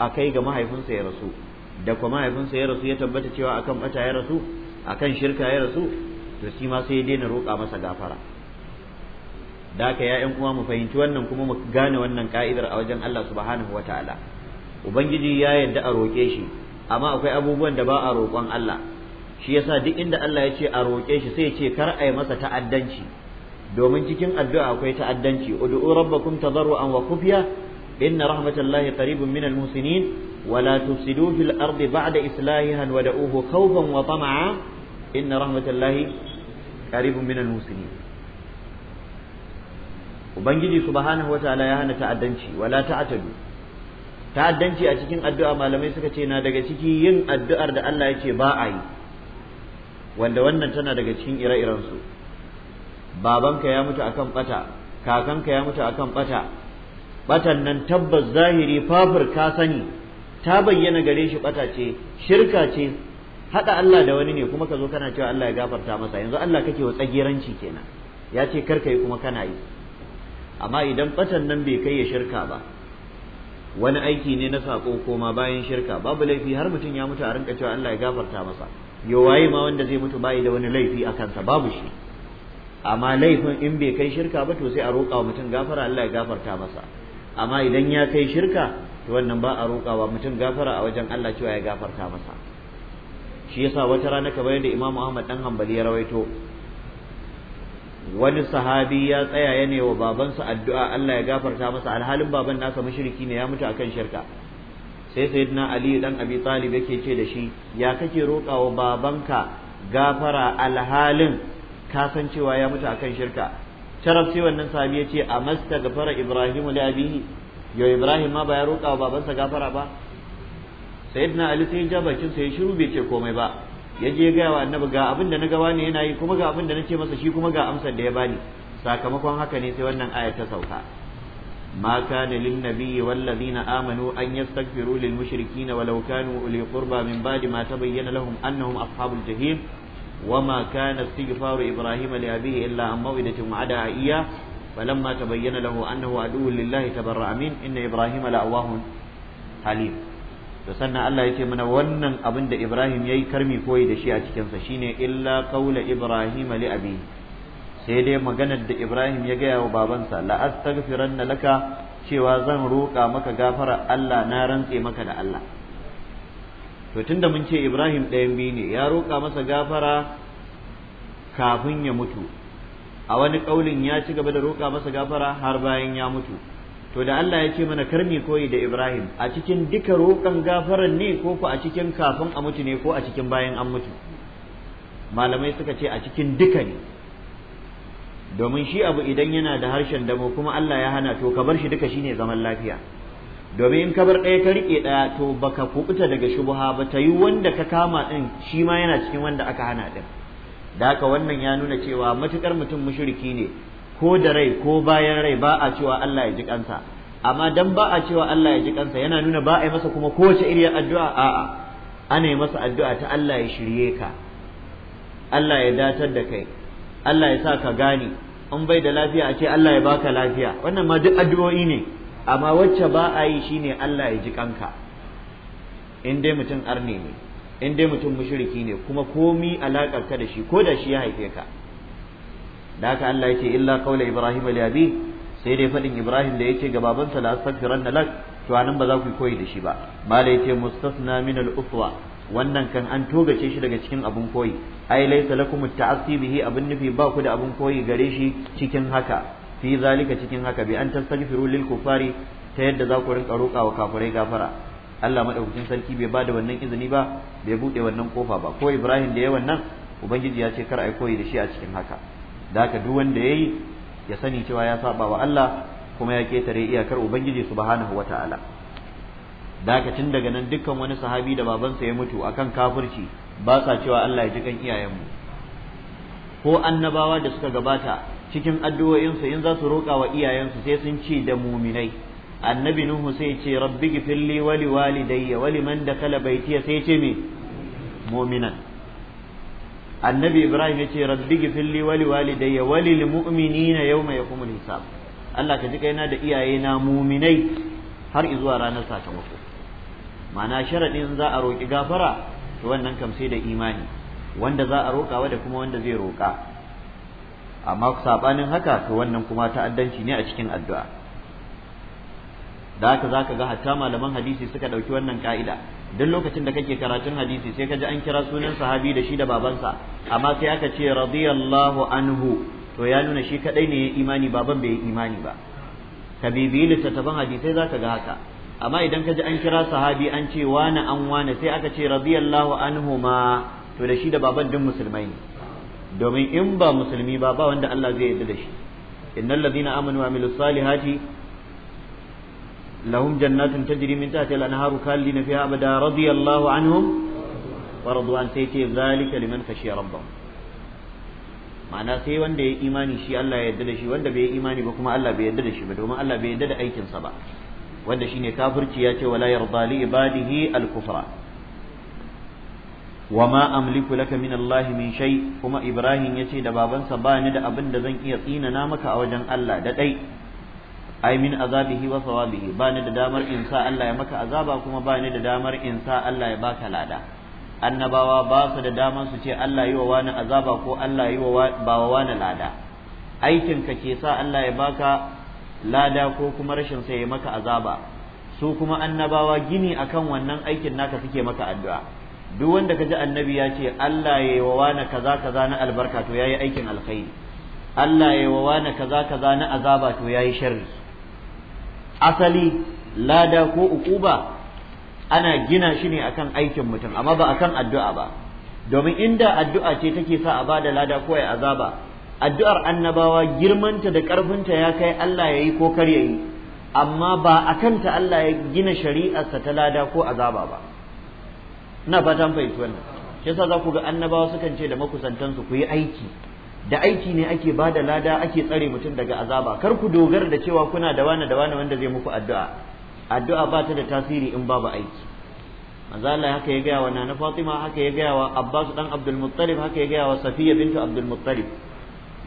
a kai ga mahaifinsa ya rasu da kuma mahaifinsa ya rasu ya tabbata cewa akan bata ya rasu akan shirka ya rasu to shi ma sai ya daina roƙa masa gafara da haka ya kuma mu fahimci wannan kuma mu gane wannan ka'idar a wajen Allah subhanahu wa ubangiji ya yarda a roƙe shi amma akwai abubuwan da ba a roƙon Allah shi yasa duk inda Allah ya ce a roƙe shi sai ya ce kar a yi masa ta'addanci domin cikin addu'a akwai ta'addanci ud'u rabbakum tadarruan wa khufiya inna rahmatallahi qaribun minal muhsinin wa la tufsidu fil ardi ba'da islahiha wa da'uhu khawfan wa tama'a inna rahmatallahi qaribun minal muhsinin ubangiji subhanahu wataala ya hana ta'addanci wala ta'tadu ta'addanci a cikin addu'a malamai suka ce na daga ciki yin addu'ar da Allah ya ce ba a yi wanda wannan tana daga cikin ire-iren su babanka ya mutu akan bata kakanka ya mutu akan bata batan nan tabbas zahiri fafur ka sani ta bayyana gare shi bata ce shirka ce hada Allah da wani ne kuma ka zo kana cewa Allah ya gafarta masa yanzu Allah kake wa tsagiranci kenan ya ce karka yi kuma kana yi amma idan batan nan bai kai ya shirka ba wani aiki ne na sako ko ma bayan shirka babu laifi har mutum ya mutu a rinka cewa Allah ya gafarta masa yo waye ma wanda zai mutu bai da wani laifi a kansa babu shi amma laifin in bai kai shirka ba to sai a roƙa wa mutum gafara Allah ya gafarta masa amma idan ya kai shirka to wannan ba a roƙa wa mutum gafara a wajen Allah cewa ya gafarta masa shi yasa wata rana kamar da Imam Ahmad dan Hanbali ya rawaito wani sahabi ya tsaya ya ne wa babansa addu'a Allah ya gafarta masa alhalin baban nasa mushriki ne ya mutu akan shirka sai sayyidina Ali dan Abi Talib yake ce da shi ya kake roƙawa babanka gafara alhalin kasancewa ya mutu akan shirka sharaf sai wannan sahabi ya ce amasta gafara Ibrahim li abihi yo Ibrahim ma ba ya roƙawa babansa gafara ba sayyidina Ali sai ya ja bakin ya shiru bai ce komai ba ya je gaya wa annabi ga abin da na gaba ne yana yi kuma ga abin na ce masa shi kuma ga amsar da ya bani sakamakon haka ne sai wannan aya ta sauka ma kana lin nabiyyi wallazina amanu an yastaghfiru lil mushrikina walau kanu uli qurba min ba'di ma tabayyana lahum annahum ashabul jahim وما كان استغفار ابراهيم لابيه الا عن موئده وعدا اياه فلما تبين له انه عدو لله تبرع منه ان ابراهيم لاواه حليم to sannan Allah yake mana wannan abin da Ibrahim yayi karmi koyi da shi a cikin sa shine illa qaula Ibrahim li abi sai dai maganar da Ibrahim ya gaya wa babansa la astaghfiranna laka cewa zan roƙa maka gafara Allah na rantse maka da Allah to tunda mun ce Ibrahim ɗayan biyu ne ya roƙa masa gafara kafin ya mutu a wani ƙaulin ya ci gaba da roƙa masa gafara har bayan ya mutu to da Allah ya ce mana karmi koyi da Ibrahim a cikin duka roƙon gafaran ne ko ku a cikin kafin a mutu ne ko a cikin bayan an mutu malamai suka ce a cikin duka ne domin shi abu idan yana da harshen damo kuma Allah ya hana to ka bar shi duka shine zaman lafiya domin in ka bar ɗaya ka riƙe ɗaya to baka kubuta daga shubuha ba ta yi wanda ka kama ɗin shi ma yana cikin wanda aka hana ɗin da haka wannan ya nuna cewa matukar mutum mushriki ne ko da rai ko bayan rai ba a cewa Allah ya ji kansa amma dan ba a cewa Allah ya ji kansa yana nuna ba a yi masa kuma kowace iriyar addu'a a'a ana yi masa addu'a ta Allah ya shirye ka Allah ya datar da kai Allah ya sa ka gane in bai da lafiya a ce Allah ya baka lafiya wannan ma duk addu'o'i ne amma wacce ba a yi shine Allah ya ji kanka in dai mutum arne ne in dai mutum mushriki ne kuma komi alakar ka da shi ko da shi ya haife ka da haka Allah yake illa qawla ibrahim li abi sai dai fadin ibrahim da yace ga babansa la astaghfiranna lak to anan ba za ku koyi da shi ba mala yace mustasna min al uswa wannan kan an togace shi daga cikin abun koyi ai laysa lakum ta'assi bihi abun nufi ba ku da abun koyi gare shi cikin haka fi zalika cikin haka bi an tastaghfiru lil kufari ta yadda za ku rinka roƙa wa kafirai gafara Allah madaukakin sarki bai ba da wannan izini ba bai bude wannan kofa ba ko Ibrahim da yawan nan ubangiji ya ce kar ai koyi da shi a cikin haka da haka duk wanda yayi ya sani cewa ya saba wa Allah kuma ya ketare iyakar ubangiji subhanahu ta'ala. da haka tun daga nan dukkan wani sahabi da babansa ya mutu akan kafurci, ba sa cewa Allah ya ji kan iyayenmu ko annabawa da suka gabata cikin addu'o'insu in za su roƙa wa iyayensu sai sun ce da muminai annabi nuhu sai ce rabbi gifirli wali walidayya wali man da kala baitiya sai ce me muminan annabi ibrahim ya yace rabbi gifilli wali walidayya wali lil mu'minina yawma yaqumul hisab Allah ka ji kaina da iyaye na muminai har zuwa ranar sakamako ma'ana sharadin za a roki gafara to wannan kam sai da imani wanda za a rokawa da kuma wanda zai roka amma sabanin haka to wannan kuma ta'addanci ne a cikin addu'a da haka zaka ga hatta malaman hadisi suka dauki wannan ka'ida duk lokacin da kake karatun hadisi sai ka ji an kira sunan sahabi da shi da babansa amma sai aka ce radiyallahu anhu to ya nuna shi kadai ne ya imani baban bai yi imani ba ka bibiyi littattafan hadisai zaka ga haka amma idan ka ji an kira sahabi an ce wani an wani sai aka ce radiyallahu anhu ma to da shi da baban din musulmai ne domin in ba musulmi ba ba wanda Allah zai yarda da shi innal ladina amanu wa amilus salihati lahum jannatun tajri min tahtiha al-anharu khalidina fiha abada radiyallahu anhum wa sai ce zalika ma'ana sai wanda ya imani shi Allah ya yarda da shi wanda bai imani ba kuma Allah bai yarda da shi ba domin Allah bai yarda da aikinsa ba wanda shine kafirci ya ce wala yarda li ibadihi al-kufra wama amliku laka min Allah min shay kuma Ibrahim yace da babansa ba ni da abin da zan iya tsina na maka a wajen Allah da dai ai min azabihi wa sawabihi ba ni da damar in sa Allah ya maka azaba kuma ba ni da damar in sa Allah ya baka lada annabawa ba su da damar su ce Allah yi wa wani azaba ko Allah yi wa ba wa wani lada aikin ka ke sa Allah ya baka lada ko kuma rashin sa ya maka azaba su kuma annabawa gini akan wannan aikin naka suke maka addu'a duk wanda ka ji annabi ya ce Allah ya yi wa wani kaza kaza na albarka to yayi aikin alkhairi Allah ya yi wa wani kaza kaza na azaba to yayi sharri asali lada ko ukuba ana gina shi ne akan aikin mutum amma ba akan addu'a ba domin inda addu'a ce take sa a bada lada ko ya azaba addu'ar annabawa girmanta da ƙarfinta ya kai Allah ya yi ko kar ya yi amma ba a kanta Allah ya gina shari'arsa ta lada ko azaba ba ina fatan fahimci wannan shi yasa za ku ga annabawa sukan ce da makusantansu ku yi aiki da aiki ne ake ba da lada ake tsare mutum daga azaba kar ku dogara da cewa kuna da wani da wani wanda zai muku addu'a addu'a ba ta da tasiri in babu aiki manzo Allah haka ya gaya wa Nana Fatima haka ya gaya wa Abbas dan Abdul Muttalib haka ya gaya wa Safiya bintu Abdul Muttalib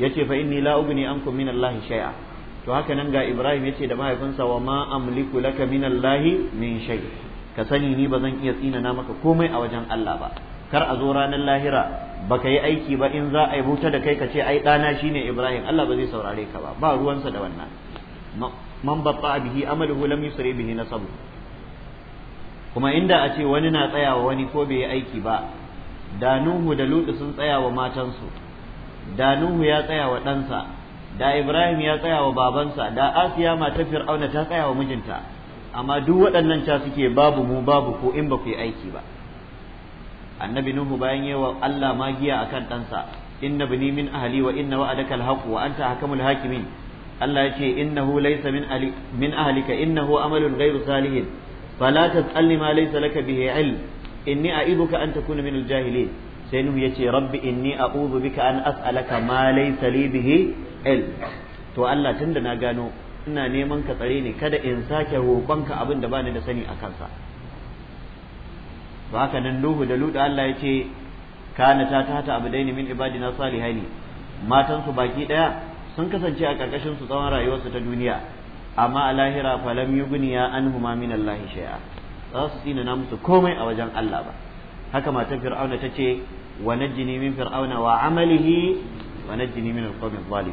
yace fa inni la ugni ankum min Allah shay'a to haka nan ga Ibrahim yace da mahaifinsa wa ma amliku laka min Allah min shay'a ka sani ni ba zan iya tsina na maka komai a wajen Allah ba kar a zo ranar lahira baka yi aiki ba in za a yi huta da kai ka ce ai ɗana shi ne Ibrahim Allah ba zai saurare ka ba ba ruwansa da wannan man a bihi amaluhu lam yusri bihi nasabu kuma inda a ce wani na tsayawa wani ko bai yi aiki ba da Nuhu da Lutu sun tsayawa matansu da Nuhu ya tsayawa ɗansa da Ibrahim ya tsaya wa babansa da Asiya matar Fir'auna ta tsaya wa mijinta amma duk waɗannan ca suke babu mu babu ko in ba ku yi aiki ba annabi nuhu bayan yawa Allah magiya akan ɗansa inna bani min ahli wa inna wa'adaka alhaq wa anta hakamul hakimin Allah yace innahu laysa min ahli min ahlika innahu amalun ghayru salihin fala tas'alni ma laysa laka bihi ilm inni a'iduka an takuna min aljahilin sai nuhu yace rabbi inni a'udhu bika an as'alaka ma laysa li bihi ilm to Allah tunda na gano ina neman ka tsare ni kada in sake roƙonka abin da bani da sani a kansa to haka nan Nuhu da Lutu Allah ya ce kana ta tata abdaini min ibadina salihaini matan su baki daya sun kasance a karkashin su tsawon rayuwarsu ta duniya amma a lahira falam yugniya anhuma min Allah shay'a za su tsina na musu komai a wajen Allah ba haka matan fir'auna ta ce wa najjini min fir'auna wa amalihi wa najjini min alqawmi adh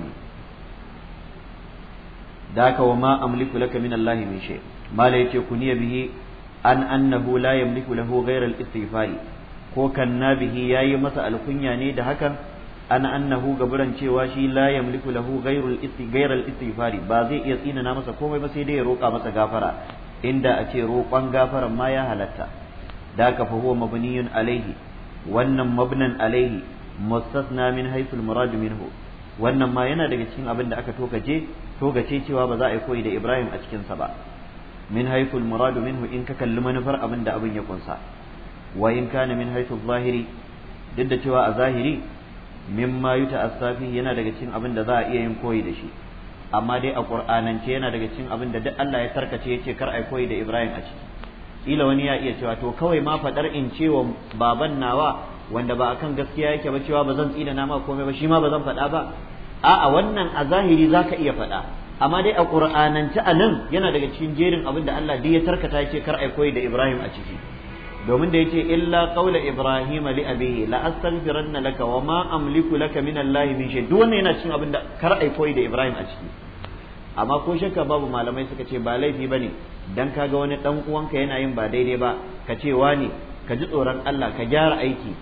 daka wa ma amliku laka min Allah min shay mala yace kuniya bihi an annahu la yamliku lahu ghayra al-istighfari ko kanna bihi yayi masa alkunya ne da hakan an annahu gaburan cewa shi la yamliku lahu ghayra al-istighfari ba zai iya tsinana masa komai ba sai dai ya roƙa masa gafara inda a ce roƙon gafaran ma ya halatta da ka fa huwa mabniyun alaihi wannan mabnan alaihi mustasna min haythu al-murad minhu wannan ma yana daga cikin abin da aka tokace tokace cewa ba za a yi koyi da Ibrahim a cikin sa ba min haythu al minhu in ka kalli manufar abin da abin ya kunsa wa in kana min haythu zahiri duk da cewa a zahiri mimma yuta'assa fihi yana daga cikin abin da za a iya yin koyi da shi amma dai a qur'anance yana daga cikin abin da duk Allah ya tarkace yace kar ai koyi da Ibrahim a ciki kila wani ya iya cewa to kawai ma fadar in cewa baban nawa wanda ba akan gaskiya yake ba cewa ba zan tsina na ma komai ba shi ma ba zan faɗa ba a'a wannan a zahiri zaka iya faɗa amma dai a qur'anance a nan yana daga cikin jerin abin da Allah duk ya tarkata yake kar ai koyi da Ibrahim a ciki domin da yace illa qaula ibrahim li abihi la astaghfiranna laka wa ma amliku laka min allahi min shay duk wannan yana cikin abin da kar ai koyi da Ibrahim a ciki amma ko shakka babu malamai suka ce ba laifi bane dan kaga wani dan uwanka yana yin ba daidai ba ka ce wani ka ji tsoron Allah ka gyara aiki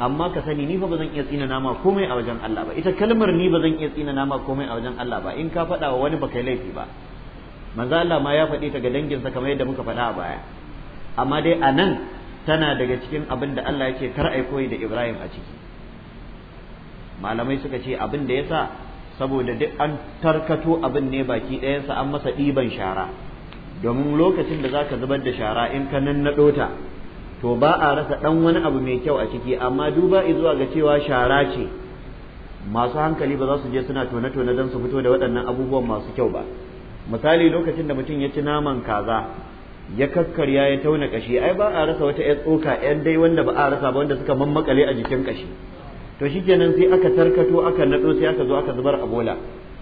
amma ka sani ni fa bazan iya tsina nama komai a wajen Allah ba ita kalmar ni bazan iya tsina nama komai a wajen Allah ba in ka faɗa wa wani ba laifi ba manzo Allah ma ya faɗi ta ga danginsa kamar yadda muka faɗa a baya amma dai anan tana daga cikin abin da Allah yake kar ai koyi da Ibrahim a ciki malamai suka ce abin da yasa saboda duk an tarkato abin ne baki sa an masa ɗiban shara domin lokacin da zaka zubar da shara in ka nannaɗo ta to ba a rasa ɗan wani abu mai kyau a ciki amma duba zuwa ga cewa shara ce masu hankali ba za su je suna tona-tona don su fito da waɗannan abubuwan masu kyau ba misali lokacin da mutum ya ci naman kaza ya kakkarya ya tauna kashi ai ba a rasa wata 'yar tsoka 'yan dai wanda ba a rasa ba wanda suka mammakale a jikin kashi to shikenan sai aka tarkato aka nado sai aka zo aka zubar a bola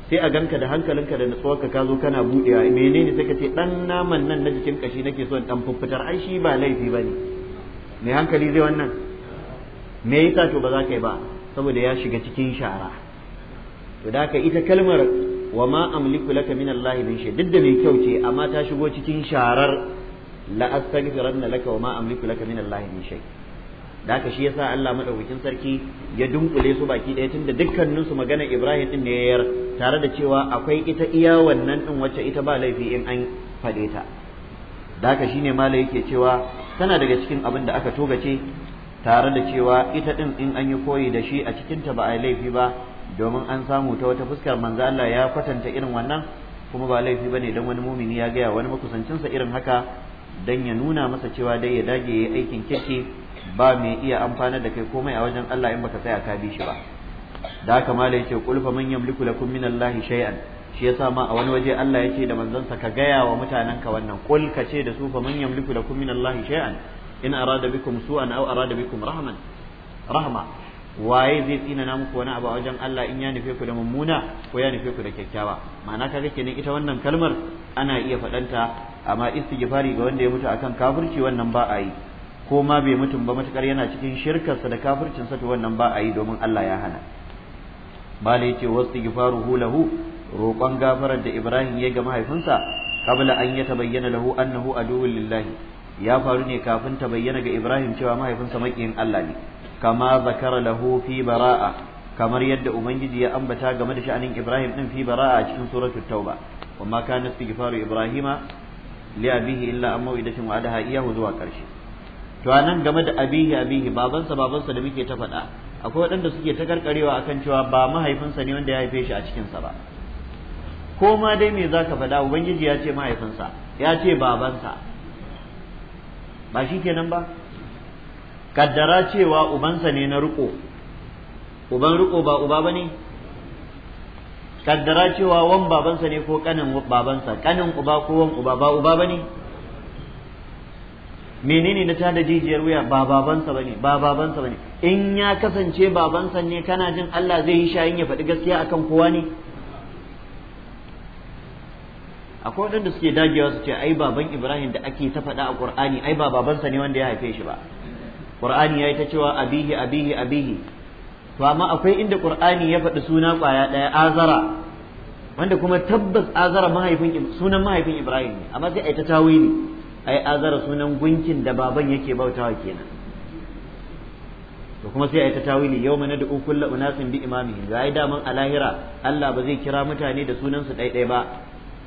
sai a ganka da hankalinka da natsuwarka ka zo kana buɗewa menene sai ka ce dan naman nan na jikin kashi nake so in dan fuffutar ai shi ba laifi bane mai hankali zai wannan me yasa to ba za ka yi ba saboda ya shiga cikin shara to da ka ita kalmar wa ma amliku laka min Allah bin shay duk da mai kyau ce amma ta shigo cikin sharar la astaghfiranna laka wa ma amliku laka min Allah bin shay da ka shi yasa Allah madaukakin sarki ya dunkule su baki ɗaya tunda dukkanin su magana Ibrahim din ne yayar tare da cewa akwai ita iya wannan din wacce ita ba laifi in an fade ta da ka shine malai yake cewa tana daga cikin abin da aka togace tare da cewa ita din in an yi koyi da shi a cikinta ba a laifi ba domin an samu ta wata fuskar manzo Allah ya kwatanta irin wannan kuma ba laifi bane dan wani mumini ya gaya wani makusancinsa irin haka dan ya nuna masa cewa dai ya dage yayi aikin kirki ba mai iya amfana da kai komai a wajen Allah in baka tsaya ka bi shi ba da haka malai ce qul fa man yamliku lakum minallahi shay'an shi yasa ma a wani waje Allah yake da manzansa ka gaya wa mutanenka wannan qul ka ce da su fa man yamliku lakum min Allah shay'an in arada bikum su'an aw arada bikum rahman rahma waye zai tsina na muku wani abu a wajen Allah in ya nufe ku da mummuna ko ya nufe ku da kyakkyawa ma'ana kaga kenan ita wannan kalmar ana iya faɗanta amma istighfari ga wanda ya mutu akan kafirci wannan ba a yi ko ma bai mutum ba matukar yana cikin shirkarsa da kafircinsa to wannan ba a yi domin Allah ya hana bala yace wastighfaruhu hulahu roƙon gafarar da Ibrahim ya ga mahaifinsa kabla an ya tabayyana lahu annahu aduwwul lillahi ya faru ne kafin ta bayyana ga Ibrahim cewa mahaifinsa makiyin Allah ne kama zakara lahu fi bara'a kamar yadda ubangiji ya ambata game da sha'anin Ibrahim din fi bara'a cikin suratul tauba amma kana istighfaru ibrahima li abihi illa an maw'idatin wa'adaha iyahu zuwa karshe to anan game da abihi abihi babansa babansa da muke ta faɗa akwai waɗanda suke ta karkarewa akan cewa ba mahaifinsa ne wanda ya haife shi a cikinsa ba ko ma dai me zaka faɗa ubangiji ya ce mahaifinsa ya ce babansa ba shi kenan ba kaddara cewa ubansa ne na riko uban riko ba uba ba ne kaddara cewa wan babansa ne ko kanin babansa kanin uba ko wan uba ba uba ba ne menene na tada jijiyar wuya ba babansa bane ba babansa bane in ya kasance babansa ne kana jin Allah zai yi shayin ya faɗi gaskiya akan kowa ne akwai waɗanda suke dagewa su ce ai baban ibrahim da ake ta faɗa a qur'ani ai ba babansa ne wanda ya haife shi ba qur'ani yayi ta cewa abihi abihi abihi to amma akwai inda qur'ani ya faɗi suna ƙwaya ɗaya azara wanda kuma tabbas azara mahaifin sunan mahaifin ibrahim ne amma sai ai ta tawili ai azara sunan gunkin da baban yake bautawa kenan to kuma sai ai ta tawili yau mana da ukulla unasin bi imamihim ga ai daman a lahira Allah ba zai kira mutane da sunan su ɗaiɗai ba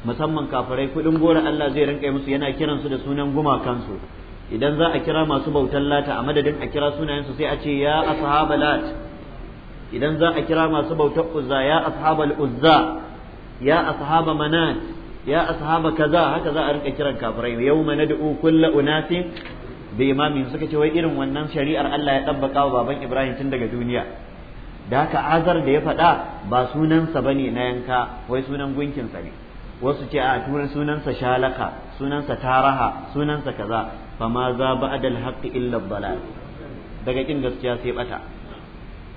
musamman kafirai kudin gora Allah zai rinka musu yana kiransu da sunan gumakansu idan za a kira masu bautan lata a madadin a kira sunayensu sai a ce ya ashabal lat idan za a kira masu bautan uzza ya ashabal uzza ya ashaba manat ya ashaba kaza haka za a rinka kiran kafirai na nad'u kullu unasin bi imami suka ce wai irin wannan shari'ar Allah ya tabbaka wa baban Ibrahim tun daga duniya da haka azar da ya faɗa ba sunansa ba ne na yanka wai sunan gunkinsa ne wasu ce a turan sunansa shalaka sunansa taraha sunansa kaza fama za ba al-haqqi illa dalal daga kin gaskiya sai bata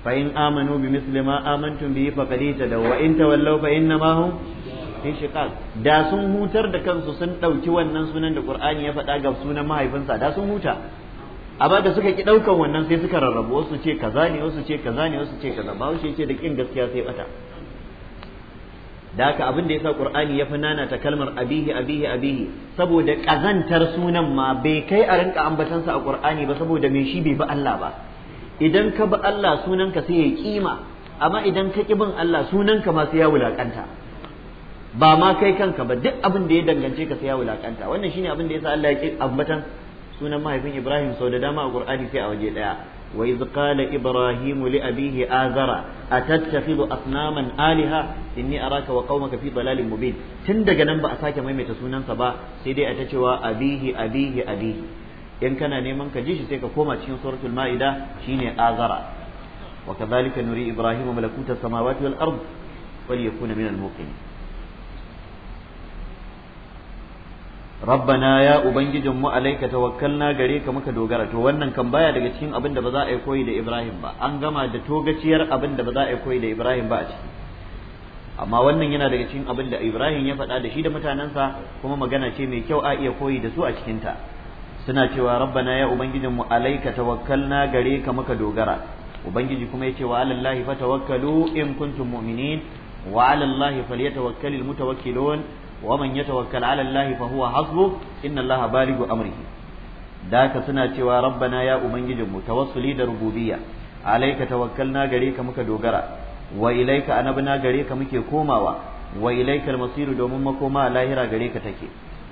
fa in amanu bi misli ma amantum bihi faqad tadaw wa in tawallaw fa inna ma hum shiqaq da sun hutar da kansu sun dauki wannan sunan da qur'ani ya faɗa ga sunan mahaifinsa da sun huta amma da suka ki daukan wannan sai suka rarrabu wasu ce kaza ne wasu ce kaza ne wasu ce kaza ba ce da kin gaskiya sai bata da haka abin da yasa qur'ani ya fi nanata kalmar abihi abihi abihi saboda kazantar sunan ma bai kai a rinka ambatansa a qur'ani ba saboda me shi bai bi Allah ba idan ka bi Allah sunanka sai ya kima amma idan ka ki bin Allah sunanka ma sai ya wulakanta ba ma kai kanka ba duk abin da ya dangance ka sai ya wulakanta wannan shine abin da yasa Allah ya ki ambatan sunan mahaifin Ibrahim sau da dama a qur'ani sai a waje daya وإذ قال إبراهيم لأبيه آذر أتتخذ أصناما آلهة إني أراك وقومك في ضلال مبين تندق ننبأ ساكا ميمة سونا سبا سيدي أتتوى أبيه أبيه أبيه إن كان نيمان كجيش سيكا كوما تشين سورة المائدة شيني آذر وكذلك نري إبراهيم ملكوت السماوات والأرض وليكون من الموقنين rabbana ya ubangijin mu alaika tawakkalna gare ka muka dogara to wannan kan baya daga cikin abin da ba za a yi koyi da Ibrahim ba an gama da togaciyar abin da ba za a yi koyi da Ibrahim ba a ciki amma wannan yana daga cikin abin da Ibrahim ya faɗa da shi da mutanensa kuma magana ce mai kyau a iya koyi da su a cikin ta suna cewa rabbana ya ubangijin mu alaika tawakkalna gare ka muka dogara ubangiji kuma ya ce wa alallahi fatawakkalu in kuntum mu'minin wa alallahi falyatawakkalul mutawakkilun wa ya tawakkal ala Allah fa huwa hasbu inna Allah baligu amrihi daka suna cewa rabbana ya ubangijinmu tawassuli da rububiyya alaika tawakkalna gare ka muka dogara wa ilaika anabna gare ka muke komawa wa ilaika almasiru domin makoma lahira gare ka take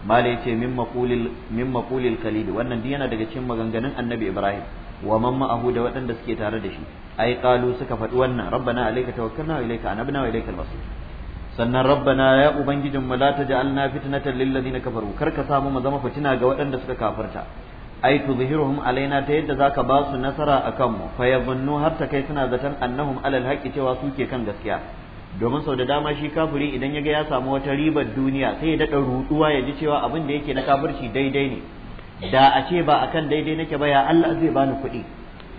mala yace min maqulil min khalid wannan din yana daga cikin maganganun annabi ibrahim wa man da waɗanda suke tare da shi ai suka faɗi wannan rabbana anabna wa sannan rabbana ya ubangijin mu la taj'alna fitnatan lil ladina kafaru kar ka samu mu zama fitina ga waɗanda suka kafarta ai zahiruhum alaina ta yadda zaka ba su nasara akan mu fa yadhunnu har ta kai suna zaton annahum alal haqqi cewa su ke kan gaskiya domin sau da dama shi kafiri idan ya ga ya samu wata ribar duniya sai ya daɗa rutuwa ya ji cewa abin da yake na kafirci daidai ne da a ce ba akan daidai nake ba ya Allah zai bani kuɗi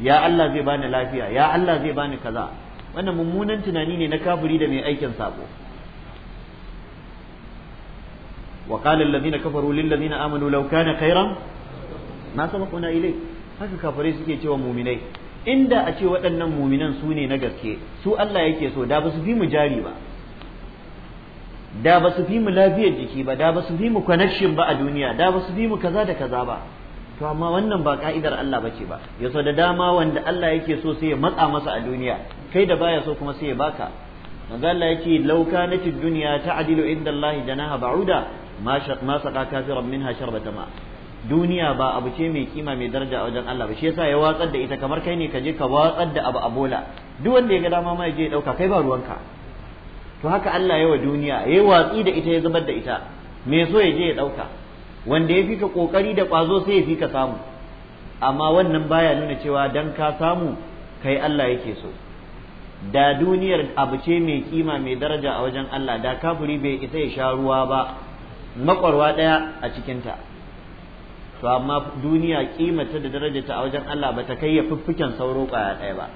ya Allah zai bani lafiya ya Allah zai bani kaza wannan mummunan tunani ne na kafiri da mai aikin sako وقال الذين كفروا للذين آمنوا لو كان خيرا ما سبقنا إليه haka kafirai suke cewa muminai inda a ce waɗannan muminan su ne na gaske su Allah yake so da ba su fi mu jari ba da ba su fi mu lafiyar jiki ba da ba su fi mu connection ba a duniya da ba su fi mu kaza da kaza ba to amma wannan ba ka'idar Allah bace ba ya so da dama wanda Allah yake so sai ya matsa masa a duniya kai da baya so kuma sai ya baka manzo Allah yake law duniya ta ta'dilu inda Allah janaha ba'uda ma saka kafiran minha sharbata ma duniya ba abu ce mai kima mai daraja a wajen Allah ba shi yasa ya watsar da ita kamar kai ne ka je ka watsar da abu a bola duk wanda ya ga dama ma ya je ya dauka kai ba ruwanka to haka Allah ya wa duniya ya watsi da ita ya zubar da ita me so ya je ya dauka wanda ya fika kokari da kwazo sai ya fika samu amma wannan baya nuna cewa dan ka samu kai Allah yake so da duniyar abu ce mai kima mai daraja a wajen Allah da kafiri bai isa ya sha ruwa ba makwarwa ɗaya a cikinta to amma duniya kimata da ta a wajen Allah ba ta kai ya fiffiken sauro ƙwaya ɗaya ba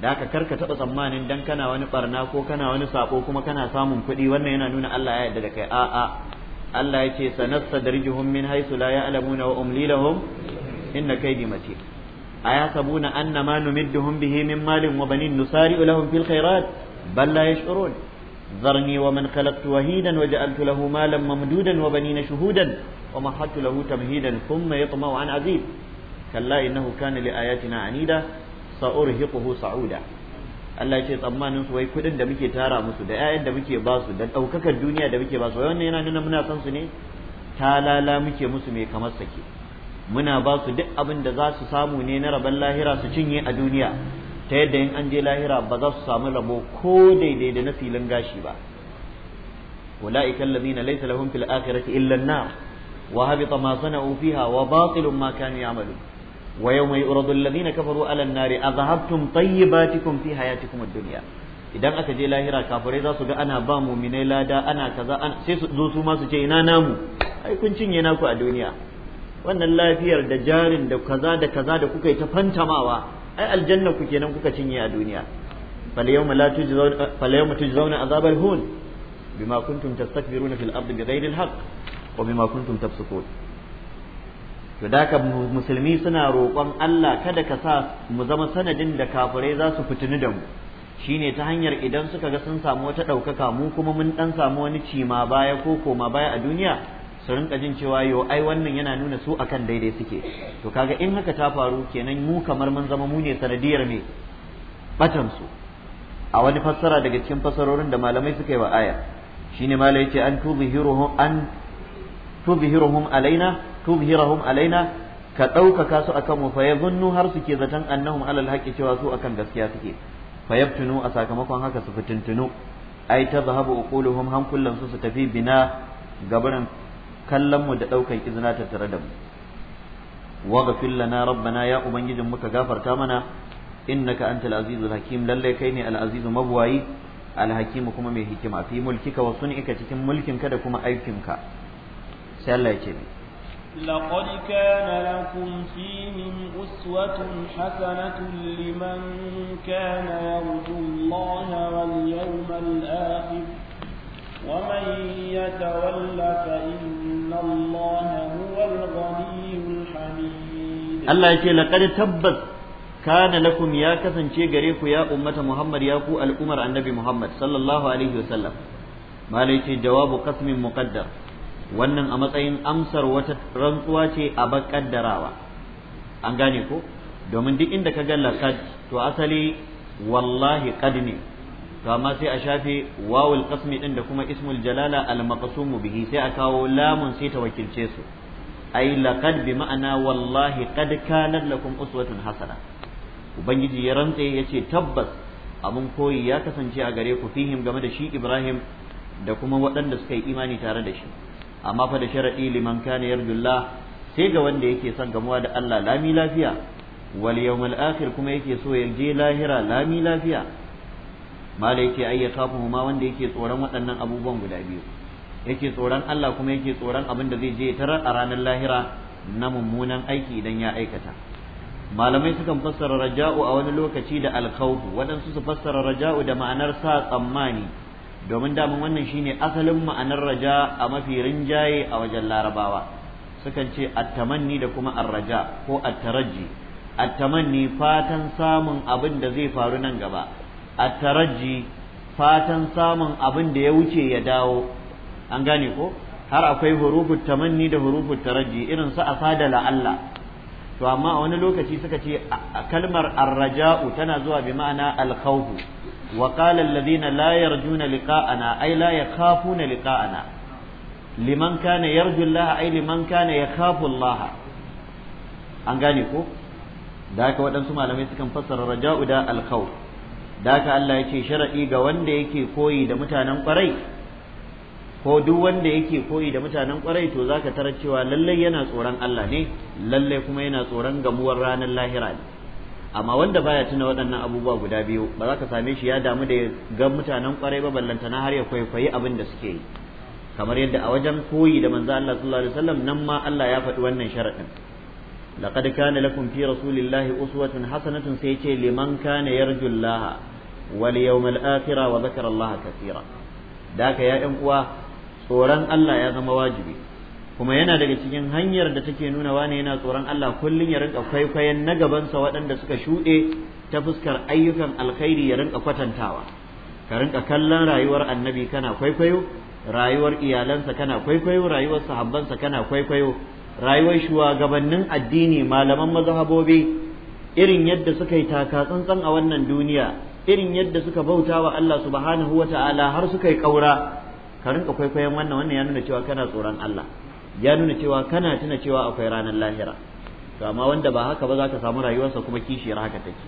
da kar karka taɓa tsammanin dan kana wani barna ko kana wani sako kuma kana samun kuɗi wannan yana nuna Allah ya yarda da kai a'a Allah ya ce sanastadrijuhum min haythu la ya'lamuna wa umli lahum inna kaydi matin ayasabuna annama numidduhum bihi min malin wa banin nusari'u lahum fil khairat bal la yash'urun ذرني ومن خلقت وهيدا وجعلت له مالا ممدودا وبنين شهودا ومحدت له تمهيدا ثم يطمع عن عزيز كلا إنه كان لآياتنا عنيدا سأرهقه صعودا Allah ya ce tsammanin su wai kuɗin da muke tara musu da 'ya'yan da muke ba su da ɗaukakar duniya da muke ba su wannan yana nuna muna san su ne talala muke musu mai kamar sake muna ba su duk abin da za su samu ne na rabon lahira su cinye a duniya ta yadda in an je lahira ba za su samu rabo ko daidai da na filin gashi ba ulaika allazina laysa lahum fil akhirati illa an-nar wa habita ma sana'u fiha wa batilun ma kanu ya'malun wa yawma yuradu allazina kafaru ala an-nari adhhabtum tayyibatikum fi hayatikum ad-dunya idan aka je lahira kafirai za su ga ana ba muminai lada ana kaza sai su zo su ma su ce ina namu ai kun cinye naku a duniya wannan lafiyar da jarin da kaza da kaza da kuka yi ta fantamawa ai aljanna ku kenan kuka cinye a duniya fal yawma la tujzauna fal yawma tujzauna azabal hun bima kuntum tastakbiruna fil ardi bighayri al haqq wa bima kuntum tafsukun to da ka musulmi suna roƙon Allah kada ka sa mu zama sanadin da kafirai za su fitini da mu shine ta hanyar idan suka ga sun samu wata ɗaukaka mu kuma mun ɗan samu wani cima baya ko koma baya a duniya su rinka jin cewa yo ai wannan yana nuna su akan daidai suke to kaga in haka ta faru kenan mu kamar mun zama mu ne sanadiyar me batan su a wani fassara daga cikin fassarorin da malamai suka yi wa aya shine mala yace an tubhiruhum an tubhiruhum alaina tubhiruhum alaina ka ɗaukaka su akan mu fa yazunnu har suke zaton annahum alal haqi cewa su akan gaskiya suke fa yaftunu a sakamakon haka su fitintunu ai ta zahabu uquluhum hankulan su su tafi bina gabaran kallon mu da ɗaukan izina ta tare da mu waghfir lana rabbana ya ubangijin mu ka gafarta mana innaka antal azizul hakim lalle kai ne al azizu mabwayi al hakim kuma mai hikima fi mulkika wa sun'ika cikin mulkin ka da kuma aikin ka sai Allah ya ce ni لقد كان لكم فيهم أسوة حسنة لمن كان يرجو الله واليوم الآخر ومن يتول فإن Allah ya ce laqad tabbas kana lakum ya kasance gare ku ya ummata Muhammad ya ku al'umar annabi Muhammad sallallahu alaihi wasallam malai ce jawabu qasmin muqaddar wannan a matsayin amsar wata rantsuwa ce a bakaddarawa an gane ko domin duk inda ka ga laqad to asali wallahi kadni ne to amma sai a shafe wawul qasmi din da kuma ismul jalala al maqsumu bihi sai a kawo lamun sai ta wakilce su ai laqad bi ma'ana wallahi qad kana lakum uswatun hasana ubangiji ya rantse yace tabbas abun koyi ya kasance a gare ku fihim game da shi Ibrahim da kuma waɗanda suka yi imani tare da shi amma fa da sharadi liman kana yarjullah sai ga wanda yake son gamuwa da Allah lami lafiya wal yawmal akhir kuma yake so ya je lahira lami lafiya mala ayya kafu ma wanda yake tsoron waɗannan abubuwan guda biyu yake tsoron Allah kuma yake tsoron abin da zai je tarar a ranar lahira na mummunan aiki idan ya aikata malamai sukan fassara raja'u a wani lokaci da alkhawfu waɗansu su fassara raja'u da ma'anar sa tsammani domin damun wannan shine asalin ma'anar raja a mafi rinjaye a wajen larabawa sukan ce attamanni da kuma arraja ko attaraji attamanni fatan samun abin da zai faru nan gaba at-taraji fatan samun abin da ya wuce ya dawo an gane ko har akwai hurufut tamanni da hurufut taraji irin su a la Allah to amma a wani lokaci suka ce kalmar arraja'u tana zuwa bi ma'ana al-khawf wa qala alladhina la yarjuna liqa'ana ay la yakhafuna liqa'ana liman kana yarju Allah ay an gane ko da waɗansu malamai sukan fassara raja'u da al da haka Allah ya ce sharaɗi ga wanda yake koyi da mutanen kwarai? ko duk wanda yake koyi da mutanen kwarai to zaka tarar cewa lallai yana tsoron Allah ne lallai kuma yana tsoron gamuwar ranar lahira ne amma wanda baya tuna waɗannan abubuwa guda biyu ba za ka same shi ya damu da ga mutanen kwarai ba ballantana har ya kwaikwayi abin da suke yi kamar yadda a wajen koyi da manzo Allah sallallahu alaihi wasallam nan ma Allah ya faɗi wannan sharaɗin لقد كان لكم في رسول الله أسوة حسنة سيتي لمن كان يرجو الله wal yawmal akhir wa zakara Allah kaseera da ya ɗan uwa tsoron Allah ya zama wajibi kuma yana daga cikin hanyar da take nuna wane yana tsoron Allah kullum ya rinka kwaikwayon na gabansa waɗanda suka shuɗe ta fuskar ayyukan alkhairi ya rinka kwatantawa ka rinka kallon rayuwar annabi kana kwaikwayo rayuwar iyalansa kana kwaikwayo rayuwar sahabbansa kana kwaikwayo rayuwar shugabannin addini malaman mazhabobi irin yadda suka yi taka tsantsan a wannan duniya irin yadda suka bauta wa Allah subhanahu wa ta'ala har suka yi kaura ka rinka kwaikwayon wannan wannan ya nuna cewa kana tsoron Allah ya nuna cewa kana tuna cewa akwai ranar lahira to amma wanda ba haka ba za ka samu rayuwarsa kuma kishiyar haka take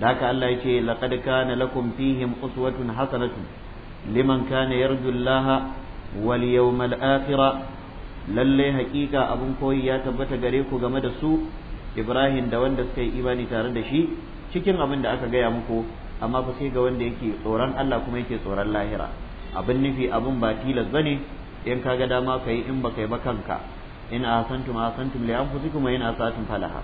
da haka Allah ya ce laqad kana lakum fihim uswatun hasanatun liman kana yarju Allah wal yawmal akhir lalle hakika abun koyi ya tabbata gare ku game da su Ibrahim da wanda suka yi imani tare da shi cikin abin da aka gaya muku amma fa sai ga wanda yake tsoron Allah kuma yake tsoron lahira abin nufi abin ba tilas bane in kaga dama yi in baka yi ba kanka in ahsantum ahsantum li anfusikum wa in asatum falaha